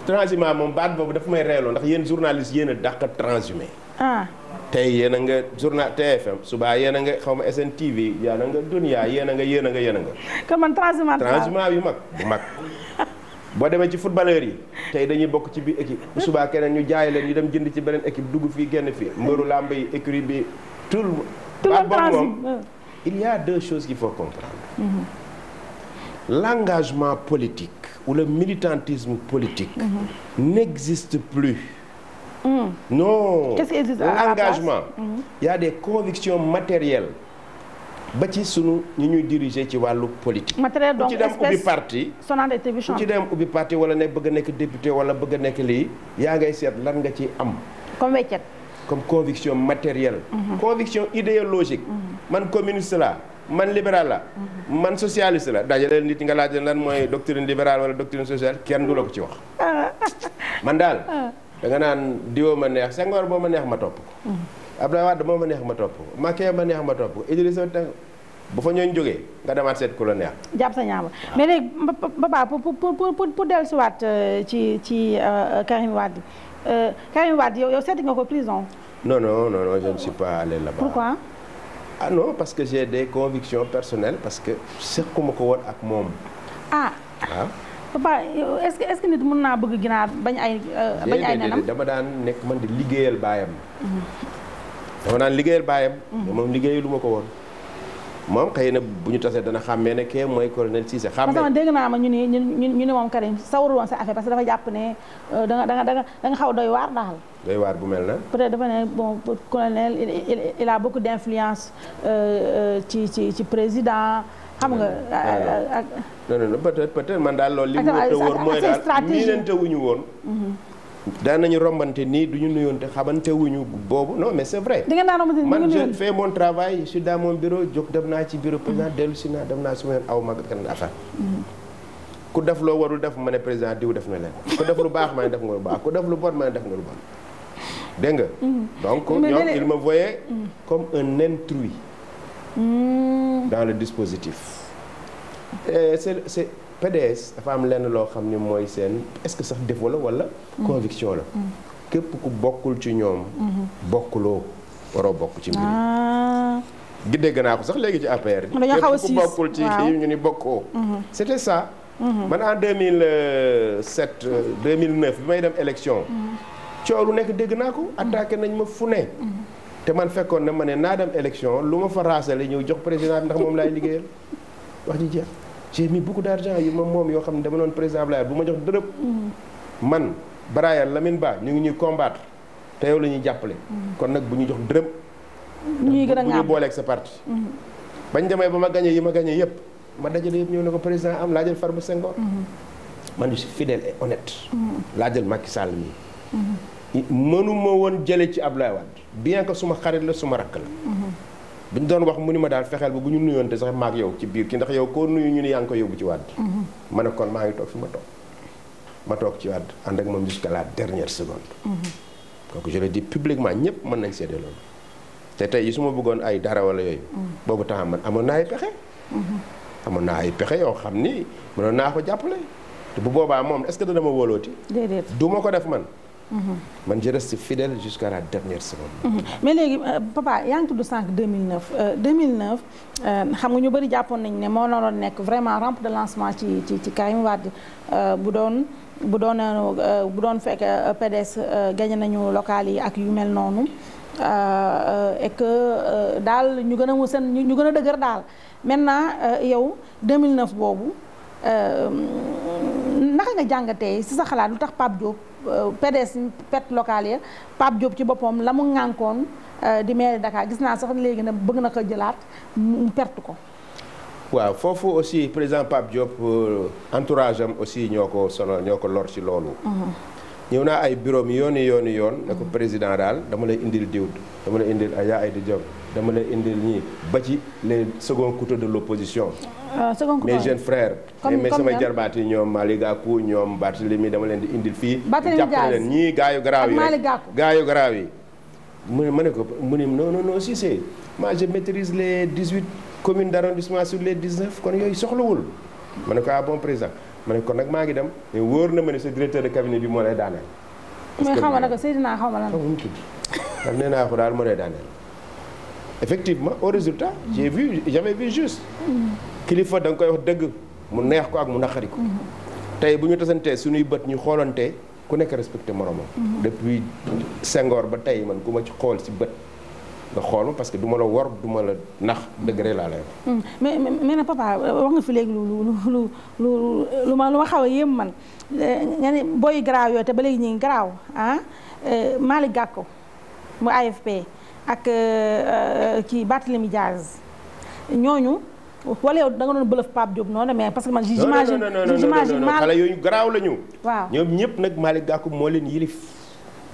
transhumant moom baat boobu dafa may reeloo ndax yéen journaliste yéen a dàq transhumé. ah tey yéen a nga journal TFM suba yéen a nga xaw ma SNTV yéen a nga Dunia yéen nga yéen a nga yéen a nga. kon man transhumant transhumant yu mag bu mag. (laughs) boo demee ci footballeur yi tey dañuy bokk ci biir équipe bu subaa keneen ñu jaay leen ñu dem jënd ci beneen équipe dugg fii génn fii mbëru làmb yi écurie bi tout le baat moom il y a deux choses qu'il faut comprendre. Mm-hmm. l'engagement politique. où le militantisme politique mhm. n'existe plus. Mhm. non l'engagement mhm. il y a des convictions matérielles ba ci sunu ñu ñuy diriger ci wàllu politique. matériel donc espèce ci dem ubbi parti. ku ci dem ubbi parti wala ne bëgg a nekk député wala bëgg a nekk lii. yaa ngay seet lan nga ci am. comme weccet. comme conviction matérielle. conviction idéologique. man communiste laa. man libéral la man socialiste la dajale nit nga laaj lan mooy doctrine libérale wala doctrine sociale kenn du la ko ci wax (laughs) man daal ah. da nga naan diwoo ma neex Senghor boo ma neex ma topp mm. Abdoulaye Wade moo ma neex ma topp Macky ma neex ma topp Idrissa bu fa ñooñ jógee nga demaat seet ku la neex. jàpp sa ñaama ah. mais léegi Papa pour pour pour pour dellusiwaat euh, ci ci euh, Karim Wade euh, Karim Wade yow yow seeti nga ko prison. non non non je suis pas allé là-bas. ah parce que j'ai des convictions personnelles parce que sequma ko woon ak moom. ah waaw. Ah. papa est-ce nit mën naa bëgg ginaar bañ ay. Euh, bañ ay nenam dama daan nekk man di liggéeyal baayam. Mm-hmm. dama daan liggéeyal baayam. Mm-hmm. moom liggéeyalu ma ko woon. moom xëy na bu ñu tasee dana xàmmee ne kee mooy colonel Cissé. xàmmee parce que dégg naa ma ñu ne ñu ñu ne moom parce que dafa jàpp ne euh, da xaw doy waar daal. doy waar bu mel na. peut-être dafa ne bon colonel il a beaucoup d'influence euh, euh, ci ci ci président. xam nga ah, ak non non peut man daal loolu. li mu wóor mooy daal miinante wuñu woon. Mhm. daan nañu rombante nii du ñu nuyoonte xamante wuñu boobu no mais c'est vrai. da ngeen daan rombante man je fais mon travail je suis dans bureau jóg dem naa ci bureau président dellu si naa dem naa su ma yoon aw ma kenn affaire. Mm-hmm. ku def loo warul def ma ne président diw def na leen ku def lu baax ma ne def nga lu baax ku def lu bon ma ne def nga lu bon dégg nga. Mm-hmm. donc ñoo il ma voye comme un intrus. Mm-hmm. dans le dispositif. et c'est c'est PDS dafa am lenn loo xam ni mooy seen est-ce que sax défaut la walla. Mm-hmm. conviction la. Mm-hmm. képp ku bokkul ci ñoom. Mm-hmm. bokkuloo waroo bokk ci mbir ah. gi dégg naa ko sax léegi ci APR. dañoo a siis képp ku bokkul ci kii ñu ni bokkoo. c'était ça. man en 2007 2009 euh, bi may dem élection. coow lu nekk dégg naa ko. attaqué nañ ma fu ne. te man fekkoon na ma ne naa dem élection lu ma fa raasale ñëw jox président bi ndax moom laay liggéeyal wax ji jeex. j'ai mis beaucoup d'argent yu ma moom yoo xam ne dama doon président Abdoulaye bu ma jox dërëb man Brahim lamin Ba ñu ngi ñuy combattre te yow la ñuy jàppale kon nag bu ñu jox dërëm ñuy gën a bu ñu booleeg sa parti mhm. bañ demee ba ma gañee yi ma gañee yëpp ma dajale yëpp ñëw ne ko président am laa jël Farba Senghor mhm. man je si fidèle et honnête mhm. laa jël Macky Sall mii mënuma woon jële ci Abdoulaye Wade bien que suma xarit la suma rakk la bi ñu doon wax mu ni ma daal fexeel ba bu ñu nuyoonte sax maak yow ci biir ki ndax yow koo nuyu ñu ne yaa yóbbu ci wàdd mm-hmm. ma ne kon maa ngi toog fi ma toog ma toog ci wàdd ak moom jusqu'à la dernière seconde mm-hmm. kooku je publiquement ñëpp mën nañ seede te tey yi su ma bëggoon ay dara wala yooyu mm-hmm. boobu temps man amoon naa ay pexe amoon naa ay pexe yoo xam ni mënoon naa ko jàppale te bu boobaa moom est-ce que dana ma wóolooti déedéet du ma ko def man man je reste fidèle jusqu'à la dernière seconde. Mhm. mais léegi euh, papa yaa ngi tudd sànq 2009 2009 euh, euh, xam nga ñu bëri jàppoon nañu ne moo naroon nekk vraiment rampe de lancement ci ci ci Karim Wade bu doon bu doon bu doon fekk PDS gagné nañu local yi ak yu mel noonu et que daal ñu gën a seen ñu gën a dëgër daal maintenant yow 2009 boobu naka nga jàngatee si sa xalaat lu tax Pape Diop. PDS pet local ya Pape Diop ci boppam la mu ŋànkoon euh, di maire Dakar gis naa sax léegi na bëgg na ko mu perte ko waaw foofu aussi président Pape Diop euh, entourage am aussi ñoo ko solo ñoo ko lor ci loolu mhm. ñëw naa ay bureau mi yooni yooni yoon ne ko président daal dama lay indil diw dama la indil ay yaa ay di jom dama lay indil ñii ba ci les second couteaux de l'opposition ah, mes jeunes frères mais sama jarbaat yi ñoom Malick Gakou ñoom Barthélémy dama leen di indil fii jàppale leen ñii gaayu garaaw yi rek gaayu garaaw yi mu ne ma ne ko mu ne non non non si c'est moi je maîtrise les commune communes d'arrondissement sur les 19 kon yooyu soxlawul ma ne ko ah bon président ma ne ko nag maa ngi dem mais wóor na ma ne sa directeur de cabinet bi moo lay daaneel parce que xaw ma nag Seydina xaw ma lan ma mu ko daal moo effectivement au résultat j'ai vu j'avais juste kilifa da nga koy wax dëgg mu neex ko ak mu naqari ko tey bu ñu tasantee suñuy bët ñu xoolantee ku nekk respecté moromam depuis sengoor ba tey man ku ma ci xool si bët nga xool ma parce que duma ma la war du ma la nax degré laa lay wax hmm. mais mais na papa wax nga fi léegi lu lu lu lu lu ma lu ma xaw a yéem man eh, nga booy garaaw yooyu te ba léegi ñu ngi garaaw ah eh, Malick mu AFP ak euh, euh, kii Barthélemy Diaz ñooñu wala yow da nga doon bëlëf Pape Diop noonu mais parce que man j'imagine j'imagine mal xale yooyu garaaw la ñu waaw ñoom ñëpp nag Malick Gakou moo leen yilif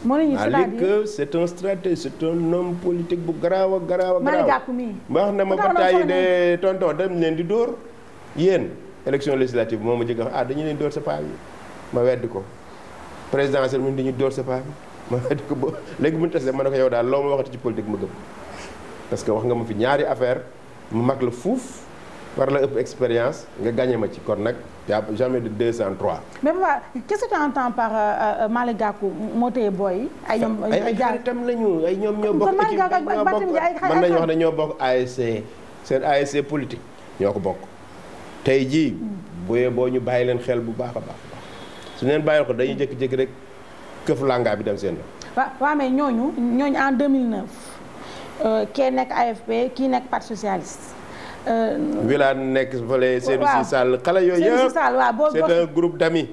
moo leen yilif Malick c'est un stratège c'est un homme politique bu garaaw a garaaw a garaaw Malick Gakou mii wax na ma bataay de tonton dem leen di dóor yéen élection législative moom ma jëkk a ah dañu leen door sa paa bi ma wedd ko présidentielle mu dañu dóor sa ma léegi bu ñu tasee ma ne ko yow daal loo ma waxati ci politique ma gëm parce que wax nga ma fi ñaari affaire mu mag la fuuf war la ëpp expérience nga gagné ma ci kon nag yaa jamais de deux sans trois. mais waa qu'est-ce que tu entends par euh, euh, Malick Gakou moo téye ñoom ay xaritam lañu ay ñoom wax ne ñoo bokk ASC seen ASC politique ñoo ko bokk. tey ji hmm. bu boo ñu bàyyi leen xel bu baax a baax a su ñu leen bàyyi ko dañuy hmm. jékki-jékki rek. këf langa bi dem seen wa waaw mais ñooñu ñooñ en 2009 euh, kee nekk AFP kii nekk parti socialiste. Wilane euh, nekk fële. service yi Sall xale yooyu yëpp c'est un groupe d'amis.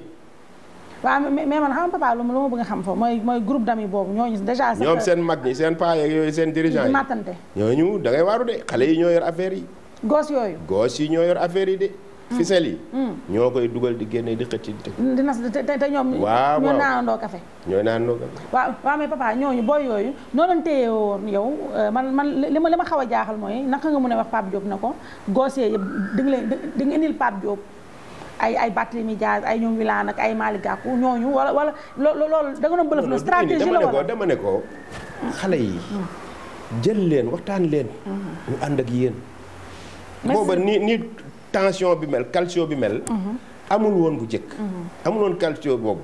waaw mais mais man xam papa lu ma bëgg a xam foofu mooy mooy groupe d'amis boobu ñooñu déjà. ñoom seen mag ñi seen paa yeeg yooyu seen dirigeant yi matante. ñooñu da waaru de xale yi ñoo yor affaire yi. gos yooyu. gos yi ñoo yor affaire yi de. Mm. ficelle mm. ñoo koy dugal di génne di xëcc di te te ñoom. waaw ñoo naanandoo kafe. ñooy naanandoo kafe. waaw waaw mais papa ñooñu booy yooyu noo doon téye woon yow euh, man man li ma li xaw a jaaxal mooy naka nga mën ne wax Pape Diop na ko goosee yëpp di nga leen di nga indil Pape Diop. ay ay Barthélemy Diaz ay ñoom Wilane ak ay Malick Gakou ñooñu wala wala loolu da nga doon bëlëf la stratégie la dama ne ko mm. xale yi jël leen waxtaan leen mm-hmm. ñu ànd ak yéen booba ni tension bi mel calcio bi mel. Mhm. amul woon bu jëkk mhm. amul woon calcio boobu.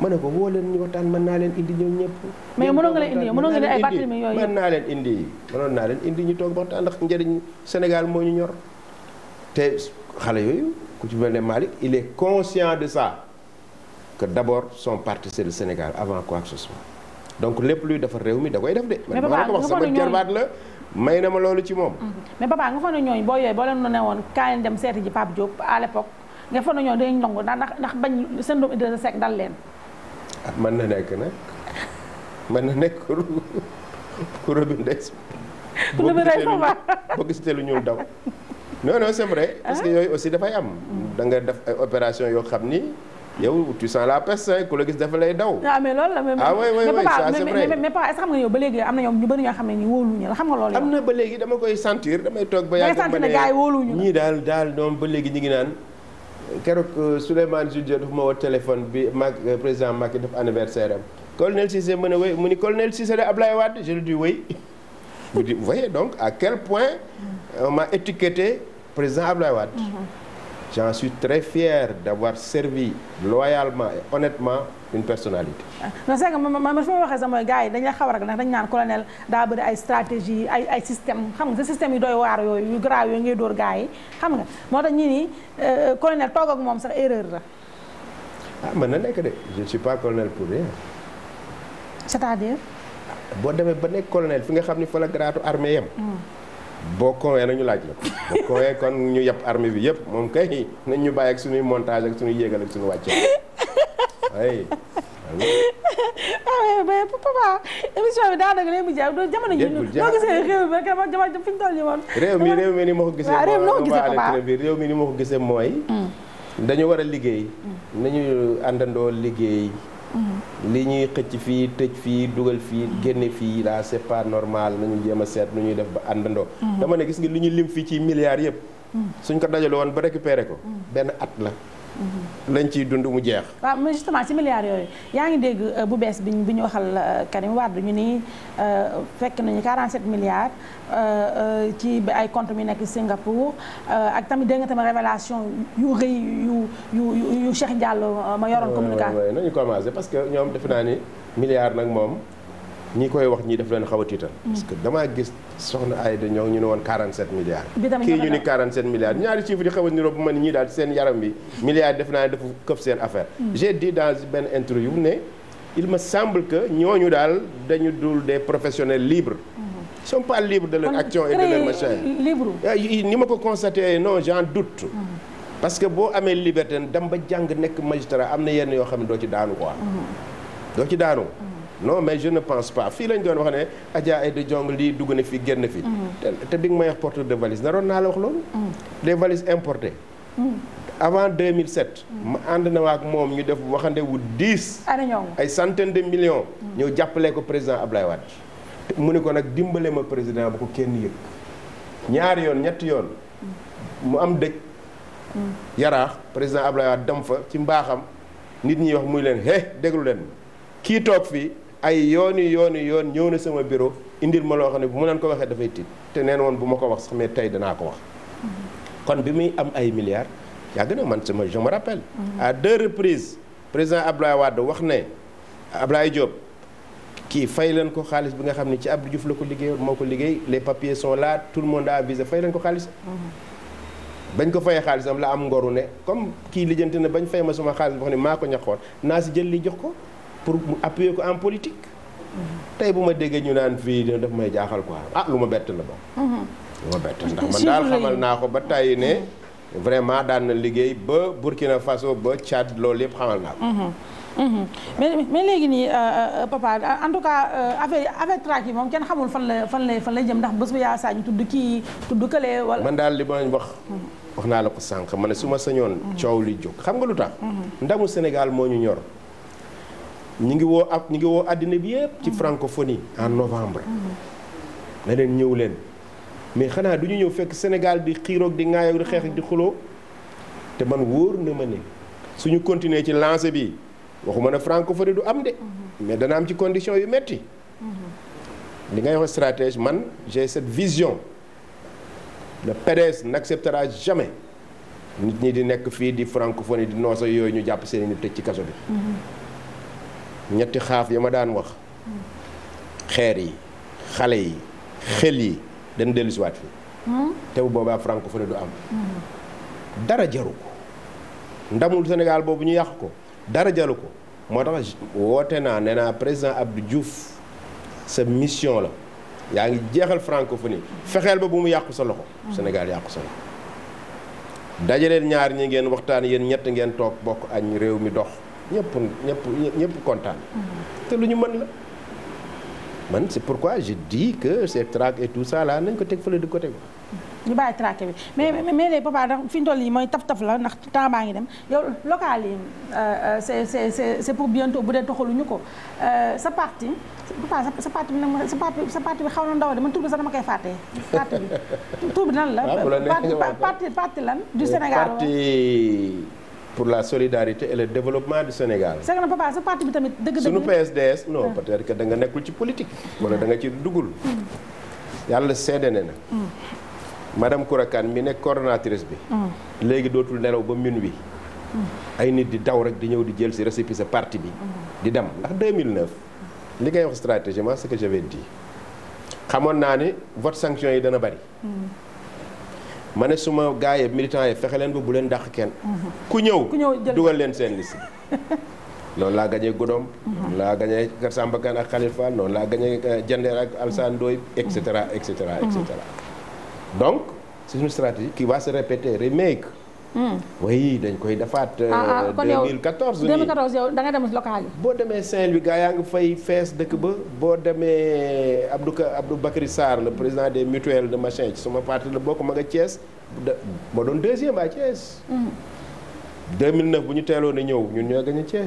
ma ne ko woo leen ñu waxtaan mën naa leen indi ñoom ñëpp. mais mënoon nga leen indi mënoon naa leen indi ñu toog waxtaan ndax njëriñ Sénégal moo ñu ñor. te xale yooyu ku ci mel ne Malick il est conscient de ça que d'abord son parti c'est le Sénégal avant quoi que ce soit donc lépp luy defar réew mi da koy def de. man maa ko wax sama jarbaat la. may na ma loolu ci moom. Mhm. mais papa nga foog ne ñooñu boo yooyu boo leen ne woon kaay dem seeti ji Pape Diop à l'époque nga foog ne ñooñu dañuy ndongo ndax seen doom Idrissa Seck dal leen. Ah, mën na nekk nag mën na nekk ku ku robin des. (laughs) ku robin des papa boo lu ñuul daw. non non c'est vrai ah. yooyu aussi dafay am. Mhm. da nga def ay opération yoo xam ni. yow tu sens la peste ku la dafa lay daw. ah mais loolu la mais mais papa est xam nga yow ba léegi am na ñoom ñu bëri ñoo xam ne nii wóoluñu la am na ba léegi dama koy sentir damay toog ba. yàgg ba ne ñii daal daal ñoom ba léegi ñu ngi naan. keroog euh, Souleymane Jules dafa ma woo téléphone bi Mac euh, président Macky def anniversaire am. colonel Cissé mën a wéy mu ni colonel Cissé de Ablaye Wade je (laughs) donc à quel point on m'a étiqueté président Ablaye Wade. Mm-hmm. J'en suis très fier d'avoir servi loyalement et honnêtement une personnalité. non c'est que man man fi ma waxee sax mooy gars yi dañu la xaw a ragal ndax dañu naan colonel daa bëri ay stratégie ay ay système xam nga sa système yu doy waar yooyu yu grave yooyu ngay dóor gars yi xam nga moo tax ñi ni colonel toog ak moom sax erreur la. ah mën na nekk de je ne suis pas colonel pour rien. cest à boo demee ba nekk colonel fi nga xam ni fa la grade armée yam. boo conwee nañu laaj la ko boo conwee kon ñu yàpp armée bi yëpp moom kay nañ ñu bàyyi ak suñuy montage ak suñuy yéegal ak suñu wàcce ay waaw ah, daanaka léegi mu jamono mi fi ñu toll nii réew mi réew ma ko gisee. réew mi ni ma gisee mooy. Hmm. dañu war a liggéey. Hmm. nañu àndandoo liggéey. Hmm. li ñuy xëcc fii tëj fii dugal fii génne fii là c'est pas normal nañu jéem a seet lu ñuy def ba àndandoo. Mm-hmm. dama ne gis nga li ñu lim fii ci milliards yëpp. Mm. suñ ko dajalewoon ba récupérer ko. Mm. benn at la. lañ ciy dund mu jeex. waaw mais justement ci milliards yooyu yaa ngi dégg euh, bu bees bi ñu bi ñu waxal euh, Karim Wade ñu ni euh, fekk nañu 47 milliards ci bi ay compte mi nekk Singapour ak tamit dégg nga tamit révélation yu rëy yu yu yu Cheikh Diallo ma yoroon communication. waaw parce que ñoom defe naa ni milliards nag moom. ñi koy wax ñi daf leen xaw a tiital mm. parce que damaa gis soxna Aïda ñoo ñu ne woon 47 milliards kii ñu ni 47 milliards ñaari chiffres yi xaw a niroo bu ma ne ñii daal seen yaram bi milliards def naa ne dafa këf seen affaire mm. j'ai dit dans benn interview ne il ma semble que ñu daal dañu dul des professionnels libre mm-hmm. ils sont libre libres de leur action et de leur machin libre ah, ni ma ko constaté non j'en doute mm-hmm. parce que boo amee liberté dem ba jàng nekk magistrat am na yenn yoo xam ne doo ci daanu quoi mm-hmm. doo ci daanu non mais je ne pense fii lañ doon wax ne Adja Aïda Diong lii dugg na fi génn fi mhm. te bi nga may wax porteur de valise naroon naa la wax loolu mhm. des valises importées mhm. avant 2007 ma ànd na ak moom ñu def waxande wu 10 ay centaine de millions ñëw jàppalee ko président Ablaye waat mu ne ko nag dimbale ma président bu ko kenn yëg ñaari yoon ñetti yoon mu am dëj yaraax président Ablaye Wade dem fa ci mbaaxam nit ñi wax muy leen hé déglu leen kii toog ay yoon yooni yoon ñëw na sama bureau indil ma loo xam ne bu mu leen ko waxee dafay tiit te neen woon bu ma ko wax sax mais tey danaa ko wax kon bi muy am ay milliards yàgg na man sama je me rappelle mm-hmm. à deux reprises président Abdoulaye Wade wax ne Abdoulaye Diop fay leen ko xaalis bi nga xam ne ci Abdou Diouf la ko liggéey moo ko liggéey le papiers sont là tout le monde a avisé fay leen ko xaalis mm-hmm. bañ ko fayee xaalisam la am ngoru ne comme kii lijjanti na bañ fay ma sama xaalis boo xam ne maa ko ñaxoon naa si jël li jox ko pour mu appuyer ko en politique. tey bu ma déggee ñu naan fii daf may jaaxal quoi ah lu ma bett la ba lu ma bett ndax man daal xamal ko ba tàyyi ne. vraiment daan na liggéey ba Burkina Faso ba Tchad loolu yëpp xamal naa ko. Mhm. Mhm. mais mais léegi nii euh, euh, papa en tout cas euh, affaire affaire yi moom kenn xamul fan la fan la fan la jëm ndax bés bu yaa sañ tudd kii tudd kële man daal li wax. Mhm. wax naa la ko sànq ma ne su ma sañoon. coow li jóg xam nga lu tax. ndamu Sénégal moo ñu ñor. ñi ngi woo ab ñi ngi woo àddina bi yëpp ci francophonie en novembre na leen ñëw leen mais xanaa du ñu ñëw fekk Sénégal di xiiroog di ŋaayoog di xeex di xuloo te man wóor na ma ne suñu continuer ci lancé bi waxuma ne francophonie du am de mais dana am ci condition yu metti li ngay wax stratège man j'ai cette vision le PDS n'acceptera jamais nit ñi di nekk fii di francophonie di noosa yooyu ñu jàpp seen i tëj ci kaso bi ñetti xaaf yi ma daan wax xeer yi xale yi xel yi dañ dellusiwaat fi te bu boobaa francophone du am dara jaru ko ndamul Sénégal boobu ñu yàq ko dara jaru ko moo tax woote naa nee naa président Abdou Diouf sa mission la yaa ngi jeexal francophonie fexeel ba bu mu yàqu sa loxo Sénégal yàqu sa loxo dajaleen ñaar ñi ngeen waxtaan yéen ñett ngeen toog bokk añ réew mi dox ñëpp ñëpp ñëpp kontaan. te lu ñu mën la. man c'est pourquoi je dis que ces traques et tout nañ ko teg fële di côté quoi. ñu bàyyi traqué bi mais mais léegi papa ndax fi ñu toll nii mooy taf-taf la ndax temps baa ngi dem yow local yi euh, c'est c'est c'est c'est pour bientôt bu dee toxaluñu ko euh, sa parti papa sa parti bi nag sa parti sa parti bi xaw na ndaw de man tur bi sax dama koy fàtte parti bi (laughs) tur bi nan la ah, parti parti lan du Sénégal parti pour la solidarité et le développement du Sénégal. c'est tamit dëgg-dëgg. suñu PSDS non ah. peut-être que da nga nekkul ci politique. wala da nga ci duggul. yàlla seede ne na. Hmm. madame Kourakan mi nekk coordonnatrice bi. Hmm. léegi dootul nelaw ba minuit. Hmm. ay nit di daw rek di ñëw di jël si récépissé partie bi. di dem ndax 2009. li ngay wax stratégiment ce que j'avais dit xamoon naa ni vote sanction yi dana bari. ma ne suma gars yi militants yi fexe leen ba bu leen dàq kenn. ku ñëw dugal leen seen liste. loolu (laughs) laa gañee Godom. loolu laa gañee Kër Samba Kane ak Khalifa loolu laa gañee euh, Jandeer ak Alsane Ndoye et cetera et cetera mm-hmm. donc c'est une stratégie qui va se répéter remake Hmm. oui dañ koy defaat. ah ah euh, kon yow 2014 2014 da nga dem local yi. boo demee Saint-Louis gaa yaa ngi fay fees dëkk ba boo demee Abdou Abdou Bakary Sarr le président des mutuelles de machin ci sama parti la bokk ma nga Thiès da ma doon deuxième à Thiès. 2009 hmm. bu ñu teeloon a ñëw ñun ñoo gën a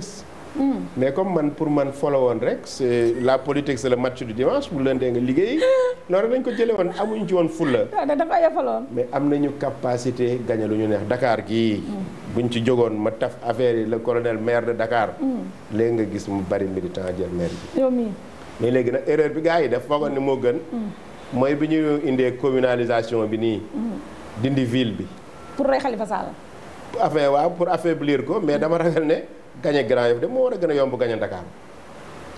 Mm. mais comme man pour man folo woon rek c'est la politique c'est le match du dimanche bu lëndee nga liggéey (laughs) loolu dañ ko jële woon amuñ ci woon fulla (laughs) dafa yafaloon mais am na ñu capacité gagné lu ñu neex Dakar gii mm. buñ ci jógoon ma taf affaire yi le colonel maire de dakaar mm. léegi nga gis mu bari militant jël bi mais léegi nag erreur bi gars yi daf foogoon ne moo gën mooy bi ñuy indee communalisation bi nii dindi ville bi pour rey Khalifa Sall affaire waaw pour affaiblir ko mais dama ragal ne gagné Grand Yoff de moo war a gën a yomb gagné Dakar.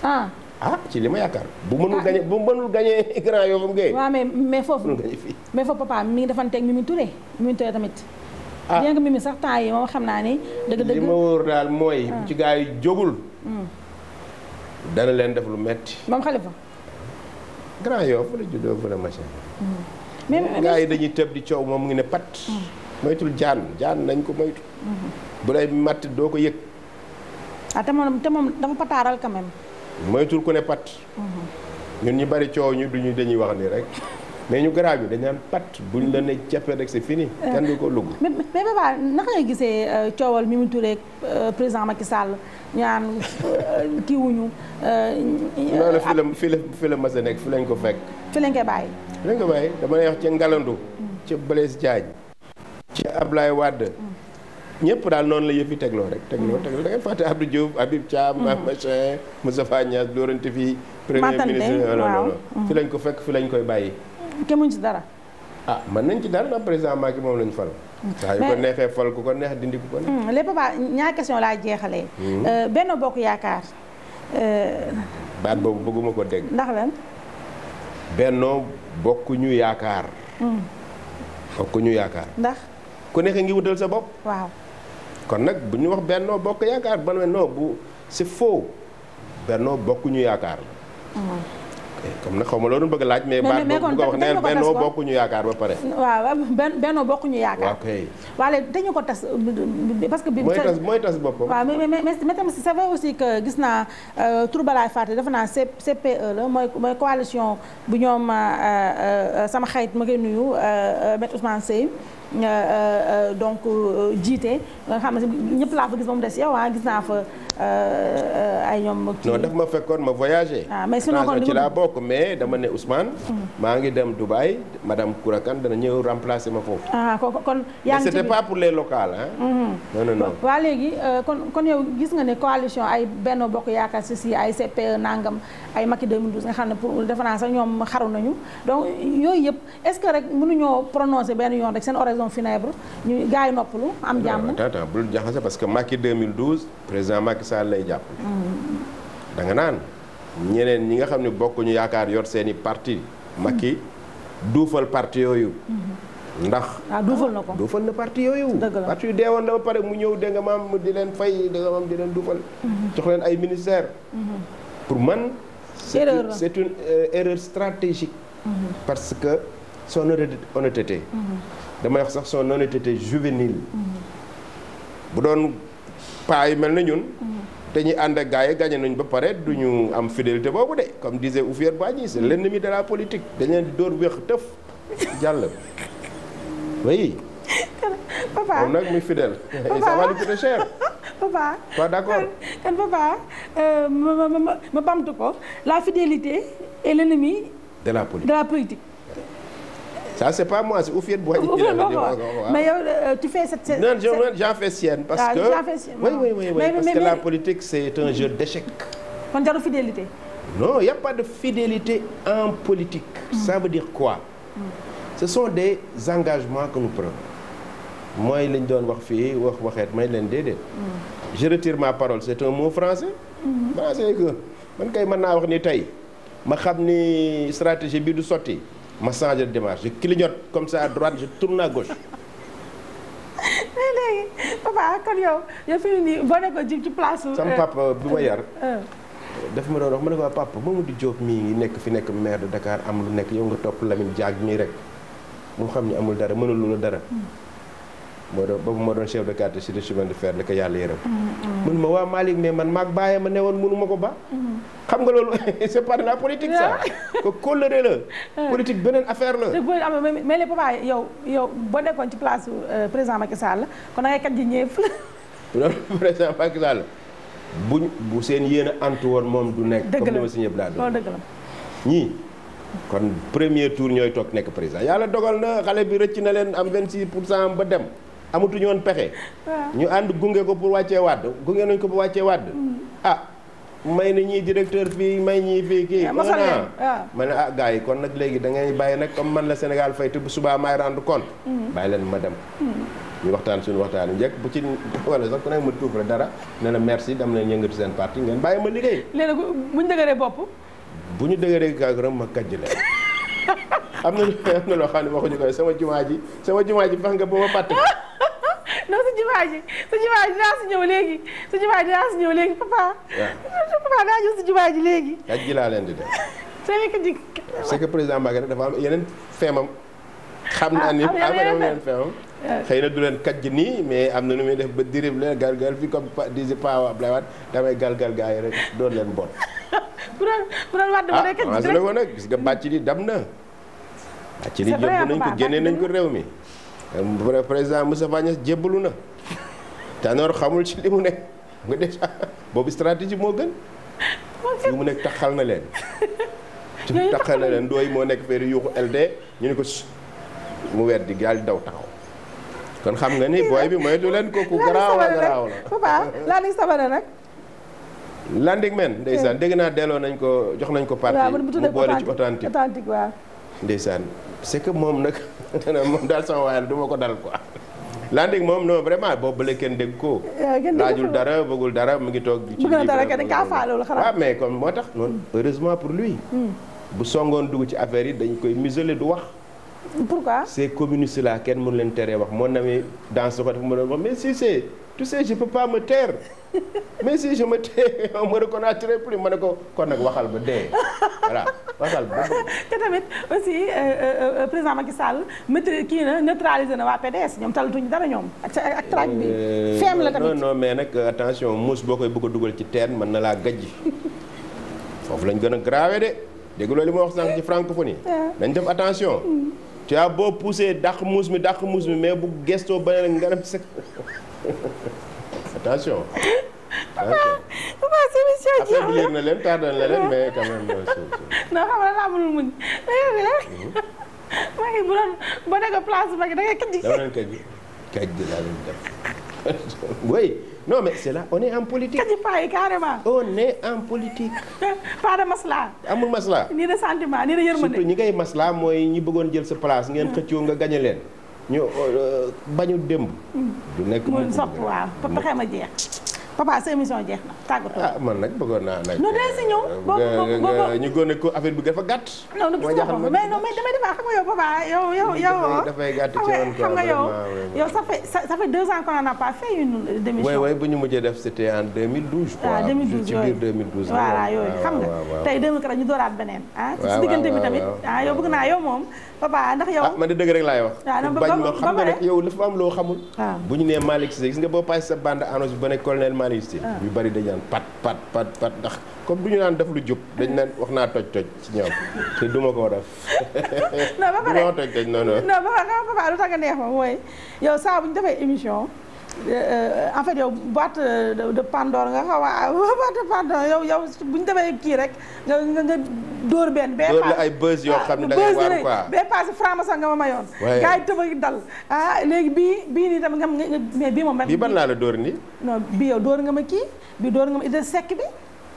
ah. ah ci li ma yaakaar. bu mënul ah. gagné bu mënul gagné (laughs) Grand Yoff am ngay. waaw mais mais foofu. mais foofu papa mi ngi defanteeg Mimi Touré Mimi Touré tamit. ah bien que sax temps yi xam naa ni. dëgg li ma wóor daal mooy. Ah. ci gars yi jógul. Hmm. dana leen def lu metti moom Khalifa. Grand Yoff fa la juddoo fa la hmm. mais gars yi dañuy tëb di coow moom mu ngi ne pat. Hmm. moytul jaan jaan nañ ko moytu. bu lay matt doo ko yëg. ah te moom te moom dafa pataaral quand même. moytul ku ne pat. Mhm. ñun ñu bari coow ñu duñu dañuy wax nii rek mais ñu garaab ñu dañ naan pat buñ la ne cappee rek c'est fini. Euh, kenn du ko lugg. mais mais Baba gisee euh, coowal Mimi Touré euh, président Macky Sall sàll naan kii wuñu. loolu fi la fi la fi mas nekk fu lañ ko fekk. fi lañ koy bàyyi. fi lañ bàyyi dama lay wax ca Ngalandu. Mm. ca Blaise Diagne. ca Ablaye Wade. Mm. ñépp daal noonu la yëf yi tegloo rek. tegloo tegloo da ngay fàtte Abdou Diouf Habib Thiam. Mm-hmm. machin Moustapha Niass dóorante fii. premier ministre non non mm-hmm. fi lañ ko fekk fi lañ koy bàyyi. kenn kemuñ si dara. ah mën nañ ci dara ndax président Macky moom lañ fal. Mm-hmm. saa yu ko neexee fal ku ko neex dindi ku ko neex. lépp ba ñaar question laa jeexalee. Euh, Benno Bokk Yaakaar. Euh, baat boobu bëgguma ko dégg. ndax lan. Benno bokkuñu yaakaar. Mm. bokkuñu yaakaar. ndax. ku nekk ngi wutal sa bopp. kon nag bu ñu wax bennoo bokk yaakaar ba non bu c'est faux bennoo bokkuñu yaakaar la. Mm-hmm. Eh, comme nag xaw ma loolu bëgg laaj. mais baat boobu nga wax neen bennoo bokkuñu yaakaar ba pare. waaw benn bennoo bokkuñu yaakaar. ok waaye dañu ko tas parce que. mooy tas mooy tas boppam. waaw mais mais mais tamit c'est vrai aussi que gis naa euh, Tourbalaay Faté dafa naa e mooy mooy bu ñoom euh, euh, sama xarit ma ngi nuyu Maître Ousmane Euh, euh, euh, donc jiite nga xam ne ñëpp laa fa gis ba mu des yow ah gis naa fa Euh, euh, ay ñoom. non daf ma fekkoon ma voyager ah mais sinon kon ci laa bokk mais dama ne Ousmane. maa ngi dem Dubaï madame Kourakan dana ñëw remplacer ma foofu. ah kon kon yaa ngi ci c'était pas pour les locales ah. non non non. waa léegi euh, kon yow gis nga ne coalition ay Benno Bokk Yaakaar si ay CPE nangam ay Macky 2012 nga xam ne pour defe naa sax ñoom xaru nañu donc yooyu yëpp est-ce que rek mënuñoo prononcer benn yoon rek seen oraison funèbre ñu gars yi am jàmm. non attends bul parce que Macky 2012 président Macky Sall lay jàppale. da nga naan ñeneen ñi nga xam ne bokkuñu yaakaar yor seen i parti Macky duufal parti yooyu. ndax ah duufal na ko duufal na parti yooyu. dëgg la parti yu deewoon na ba pare mu ñëw dégg nga maam di leen fay dégg maam di leen duufal. Mhm. jox leen ay ministère mhm. pour man. erreur la c'est une erreur euh, stratégique. Mhm. parce que son honnêteté. dama wax sax son honnêteté juvénile. bu doon paa yi mel na ñun. dañuy ànd a gars yi gagné nañ ba pare du ñu am fidélité boobu de comme disait Houphouët-Boigny c'est l'ennemi de la politique dañ leen di wéex tëf jàll. oui. papa moom nag muy fidèle. papa pas d'accord kan papa ma ma ma ma bamtu ko la fidélité est l'ennemi de la politique ça c'est pas moi c'est Oufiane Boigny. (laughs) mais yow euh, tu fais cette. non je j'en fais de fidélité en politique. Hmm. ça quoi. Hmm. ce sont des engagements que lañ doon wax fii wax waxeet may leen déedéet. Hmm. je retire ma parole c'est un mot man kay mën naa wax ni tey ma xam ni stratégie bi du sotti. ma changé de démarche je clignote comme ça à droite je tourne à gauche. (laughs) Eh, léegi papa kon yow yow place sama euh, papa bi ma yar. dafa ma doon wax ma ne ko papa Mamadou Diop mii nekk fi nekk maire de Dakar am lu nekk yow nga topp Lamine Diack mii rek moo xam ni amul dara mënul lu la dara. Hmm. moo doon moo doon chef de quartier cité chemin de fer ni yàlla yërëm mm-hmm, mm-hmm. mun waa Malick mais man maag bàyyi ma ne woon mënu ma ko ba mm-hmm. xam nga loolu (laughs) c'est pas de la politique ça ah. (laughs) que kóllëre la ah. politique beneen affaire la ah, mais les papa yow yow boo nekkoon ci place euh, président Macky Sall kon da ngay kat ji ñëef la (laughs) président bu seen yéen ant woon moom du nekk comme ni ma si ñëpp laa doon dëgg la ñii kon premier tour ñooy toog nekk président yàlla dogal na xale bi rëcc na leen am 26 pour cent ba dem amatuñu woon pexe. ñu ànd gunge ko pour wàccee wàdd gunge nañ ko pour wàccee wàdd. Mm. ah may na ñii directeur fii may ñii fii kii. ma ne ah gars yi kon nag léegi da ngay bàyyi nag comme man la Sénégal fay te bu subaa maay rendre compte. Mm. bàyyi leen ma dem. Mm. ñu waxtaan suñu waxtaan njëkk bu ci wala sax ku nekk ma tuuf la dara ne la merci dam leen yëngatu seen parti ngeen bàyyi ma liggéey. léegi bu ñu dëgëree bopp. bu ñu dëgëree gàllankoor ma kàjj leen. (laughs) am na (laughs) am na loo xam ne waxuñu ko sama jumaa ji sama jumaa ji fex ma fàtte (laughs) non su jumaa si ñëw léegi su jumaa ji dinaa si ñëw léegi papa. (laughs) papa daa ñëw su jumaa ji léegi. aj gi laa leen di def. sëñ bi di. c'est que président Mbacké nag dafa am yeneen feemam. xam naa ni ah, am na yeneen feemam. xëy na du leen kat ji nii mais am na nu muy def ba dirib leen galgal fi comme disait Paa Abdoulaye Wade damay galgal gaa yi rek doon leen bon. bu doon wax dama lay kat ji rek na. Ah, ci li yóbbu nañ ko génnee nañ ko réew mi président Moussa Niass jébbalu na Tanor xamul ci li mu nekk nga déjà boobu stratégie moo gën li mu nekk taxal na leen ci (laughs) taxal na leen dooy moo nekk feeri yuuxu LD ñu ne ko mu weer di gaal daw taxaw kon xam nga ni booy bi mooy moytu leen ko ku garaaw la garaaw la papa Landing Savané nag Landing men dégg naa delloo nañ ko jox nañ ko parti mu boole ci authentique authentique waaw ndeysaan c'est que moom nag (laughs) moom daal sama waay la du ma ko dal quoi. Landing moom non vraiment boobu bële kenn dégg eh, ko. laajul dara bëggul dara mu ngi toog. bëgg na dara kenn kaa faalewul ah, moo tax noonu heureusement pour lui. Hmm. bu songoon dugg ci affaire yi dañ koy museler du wax. pourquoi ces communistes là kenn mënu leen teree wax mon ami dans ce côté fu mu doon wax mais si c'est tu sais je peux pas me (laughs) mais si je me tais (laughs) ma ne ko kon nag waxal ba dee voilà waxal ba (laughs) te tamit aussi euh, euh, euh, président Macky Sall maîtrise kii na neutralisé na waa PDS ñoom talatuñu dara ñoom ak ak traque bi feem la tamit non mais nag attention muus boo koy bëgg a dugal ci teen mën na laa gajji foofu lañ gën a grave de dégg loolu li ma wax sànq ci francophonie dañ ah. def attention tu as beau pousser muus mi dàq muus mi mais bu gestoo beneen nga dem sa attention. attention papa solution jeex na affaire na leen tardé na leen mais quand même. non xam nga laa mënul muñ maa ngi bu doon boo déggee place bi da nga kii di. dama leen kaj gi kaj gi laa leen def oui non mais c'est là on est en politique. kaji paa yi carrément. on est en politique. pas de masla. amul masla. nii de sentiment nii de yërmande. surtout ñi ngay masla mooy ñi bëggoon jël sa place ngeen xëccoo nga gañe leen. ñu euh, bañu démb. Mm. du nekk mu sax waaw ba pexe ma jeex. papa sa émission jeex na tàggatoo. ah man nag bëggoon naa nag. nu dee si ñëw. Euh, boobu ñu góone ko affaire bi dafa gàtt. non non gis nga ko mais non mais damay defaat dafay gàtt ci woon quoi bu ñu mujjee def c'était en 2012. waaw 2012 yooyu ci biir 2012. tamit yow bëgg naa yow moom. papa ndax yow ah, man de dëgg rek laay wax. waaw ah, bañ ma xam nga rek yow dafa am loo xamul. Ah. bu ñu nee Malick Cissé gis nga boo paase sa bande annonce bi ba ne journaliste yi. Ah. ñu bari dañ naan pat pat pat pat ndax comme du ñu naan def lu jub dañ naan wax naa toj toj ci ñoom te du ma ko def. (laughs) non ba pare (laughs) du ma toj toj non non. non ba pare lu tax neex ma mooy yow saa ñu defee émission. Euh, en fait yow boîte de Pandore nga xaw a (laughs) de Pandore yow yow bu ñu demee kii rek nga nga nga dóor benn. bee paase la ay buzz yoo xam ne ah, da ngay waar quoi bee paase franc sax nga ma mayoon. waaye gars yi dal ah léegi bii bii nii tamit nga mais bii moom. bii ban laa la dóor nii. non bii yow dóor nga ma kii bii dóor nga ma Idda Seck bi.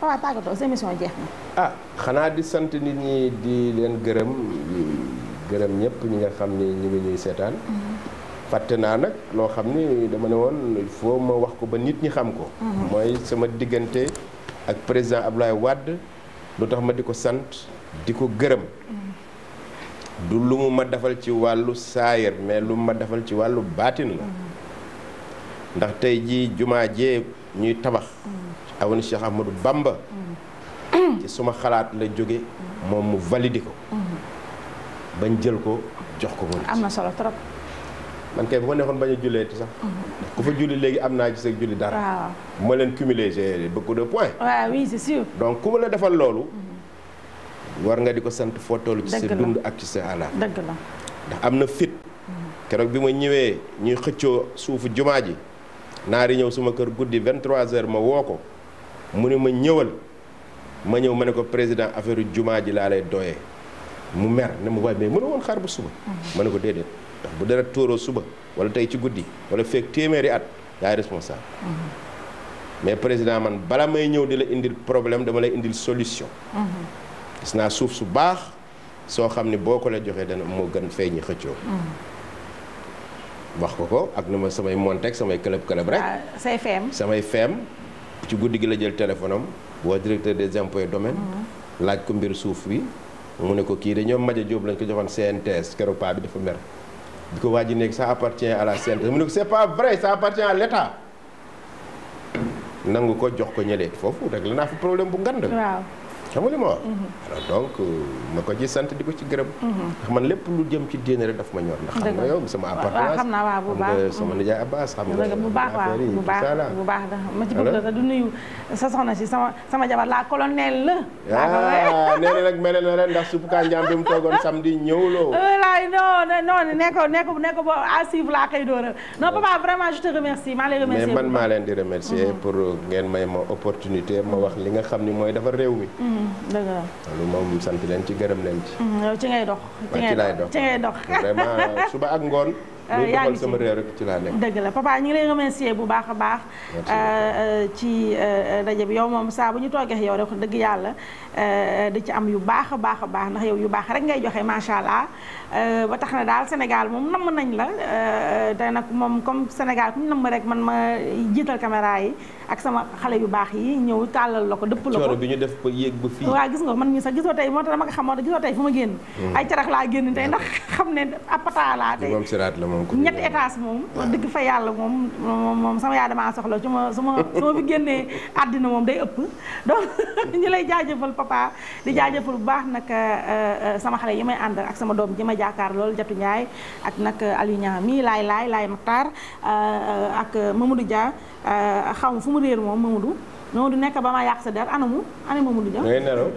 Papa tàggatoo sa émission jeex na. ah xanaa di sant nit ñi di leen gërëm gërëm ñëpp ñi nga xam ni ñu ngi ñuy seetaan. Mm-hmm. fàtte naa nag loo xam ni dama ne woon il faut ma wax ko ba nit ñi xam ko. Mm-hmm. mooy sama diggante ak président Abdoulaye wàdd lu tax ma di ko sant di ko gërëm. Mm-hmm. du lu mu ma defal ci wàllu saayir mais lu mu ma defal ci wàllu baatin la. ndax tey jii jumaa jee ñuy tabax. awani Cheikh Ahmadou Bamba mm-hmm. ci suma xalaat la jóge moom mu validé ko mm-hmm. bañ jël ko jox ko murid am na solo trop man kay bu ma neexoon bañ jullee ti sax mm-hmm. ku fa julli léegi am naa ci sa julli dara bu ma leen cumulé j'ai beaucoup de donc ku ma la defal loolu war nga di ko sant foo toll ci sa dund ak ci sa àlla la ndax am na fit keroog bi ma ñëwee ñuy xëccoo suufu jumaa ji naari ñëw suma kër guddi 23 heures ma woo ko mu ne ma ñëwal ma ñëw ma ne ko président affaire jumaa ji laa lay doyee mu mer ne mu waaye mais mënu woon xaar suba mhm. ma ne ko déedéet ndax bu dara tóoroo suba wala tey ci guddi wala feeg téeméeri at yaay responsable mhm. mais président man bala may ñëw di la indil problème dama lay indil solution mhm. gis naa suuf su baax soo xam ne boo ko la joxee dana moo gën fay ñi xëccoo wax ko ko ak na ma samay montek samay këlëb këlëb rek say feem samay feem ci guddi gi la jël téléphone am woo directeur des impôts et domaines mhm. laaj ko mbir suuf bi mu ne ko kii dañoo ñoom Maja Diop lañ ko joxoon CNTS keroog paa bi dafa mer bi ko waa ji nekk ça appartient à la CNTS mu ne ko c'est pas vrai ça appartient à l'État nangu ko jox ko ñëleet foofu rek la naa fi problème bu ngand xam nga li donc na euh, ko ci sant di ko ci gërëm. ndax man lépp lu jëm ci diine rek daf ma ñor. ndax xam nga yow sama appartenance xam naa waaw bu baax sama baax da ma ci bëgg sa soxna si sama sama jabar la ah, kaa njaam bi mu toogoon samedi ñëwloo. walaay (laughs) euh, non non nee ko boo à laa koy dóoral non papa vraiment je te remercie maa man maa leen di remercier mhm. pour euh, ngeen may ma opportunité ma wax li nga xam ni mooy dafa réew mi mhm. Mm, dëgg la moom sant leen ci gërëm leen ci. Mm-hmm, ngay dox. ci ngay (laughs) suba ak ngoon. (laughs) Ah, yaa ngi sama ci laa dëgg la papa ñu ngi lay remercier bu baax a baax. Euh, euh, ci rajo euh, bi yow moom saa bu ñu toogee yow rek dëgg yàlla di ci am yu baax a baax a baax ndax yow yu baax rek ngay joxe macha allah ba tax na daal Sénégal moom namm nañ la te nag moom comme Sénégal ku ñu rek man ma jiital caméra yi. ak sama xale yu baax yi ñëw tàllal la ko dëpp la ko coono bi ñu def ba yéeg ba fii gis nga man mii sax gisoo tey moo tax dama ko xamoo te gisoo tey fu ma génn mm. ay carax laa génn tey ndax (laughs) xam ne apata laa tey moom la moom ñetti étage moom dëgg fa yàlla moom moom sama yaa damaa soxla su ma su ma su ma fi génnee àddina moom day ëpp (laughs) ñu lay jaajëfal papa di jaajëfal bu baax nag euh, euh, sama xale yi may àndal ak sama doom ji ma jaakaar lool Jatu Njaay ak nag euh, Aliou Niang mii laay laay laay Maktar ak Mamadou Dia xaw ma fu mu réer moom Mamadou Mamadou nekk ba ma yàq sa der anamu ana Mamadou Dia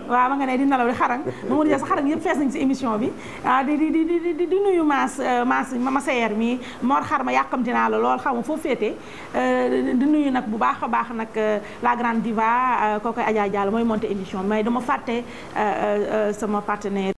waaw ma nga ne di nelaw di xarang (laughs) Mamadou Dia sa xarang yëpp fees nañ ci émission bi ah, di di di di di nuyu maas euh, maas ma seer mi Mor xar ma yàkkamti naa la lool xaw ma foo féete euh, di nuyu nag bu baax a baax nag euh, la grande diva kookoy Adja Diallo mooy monté émission bi mais dama fàtte sama partenaire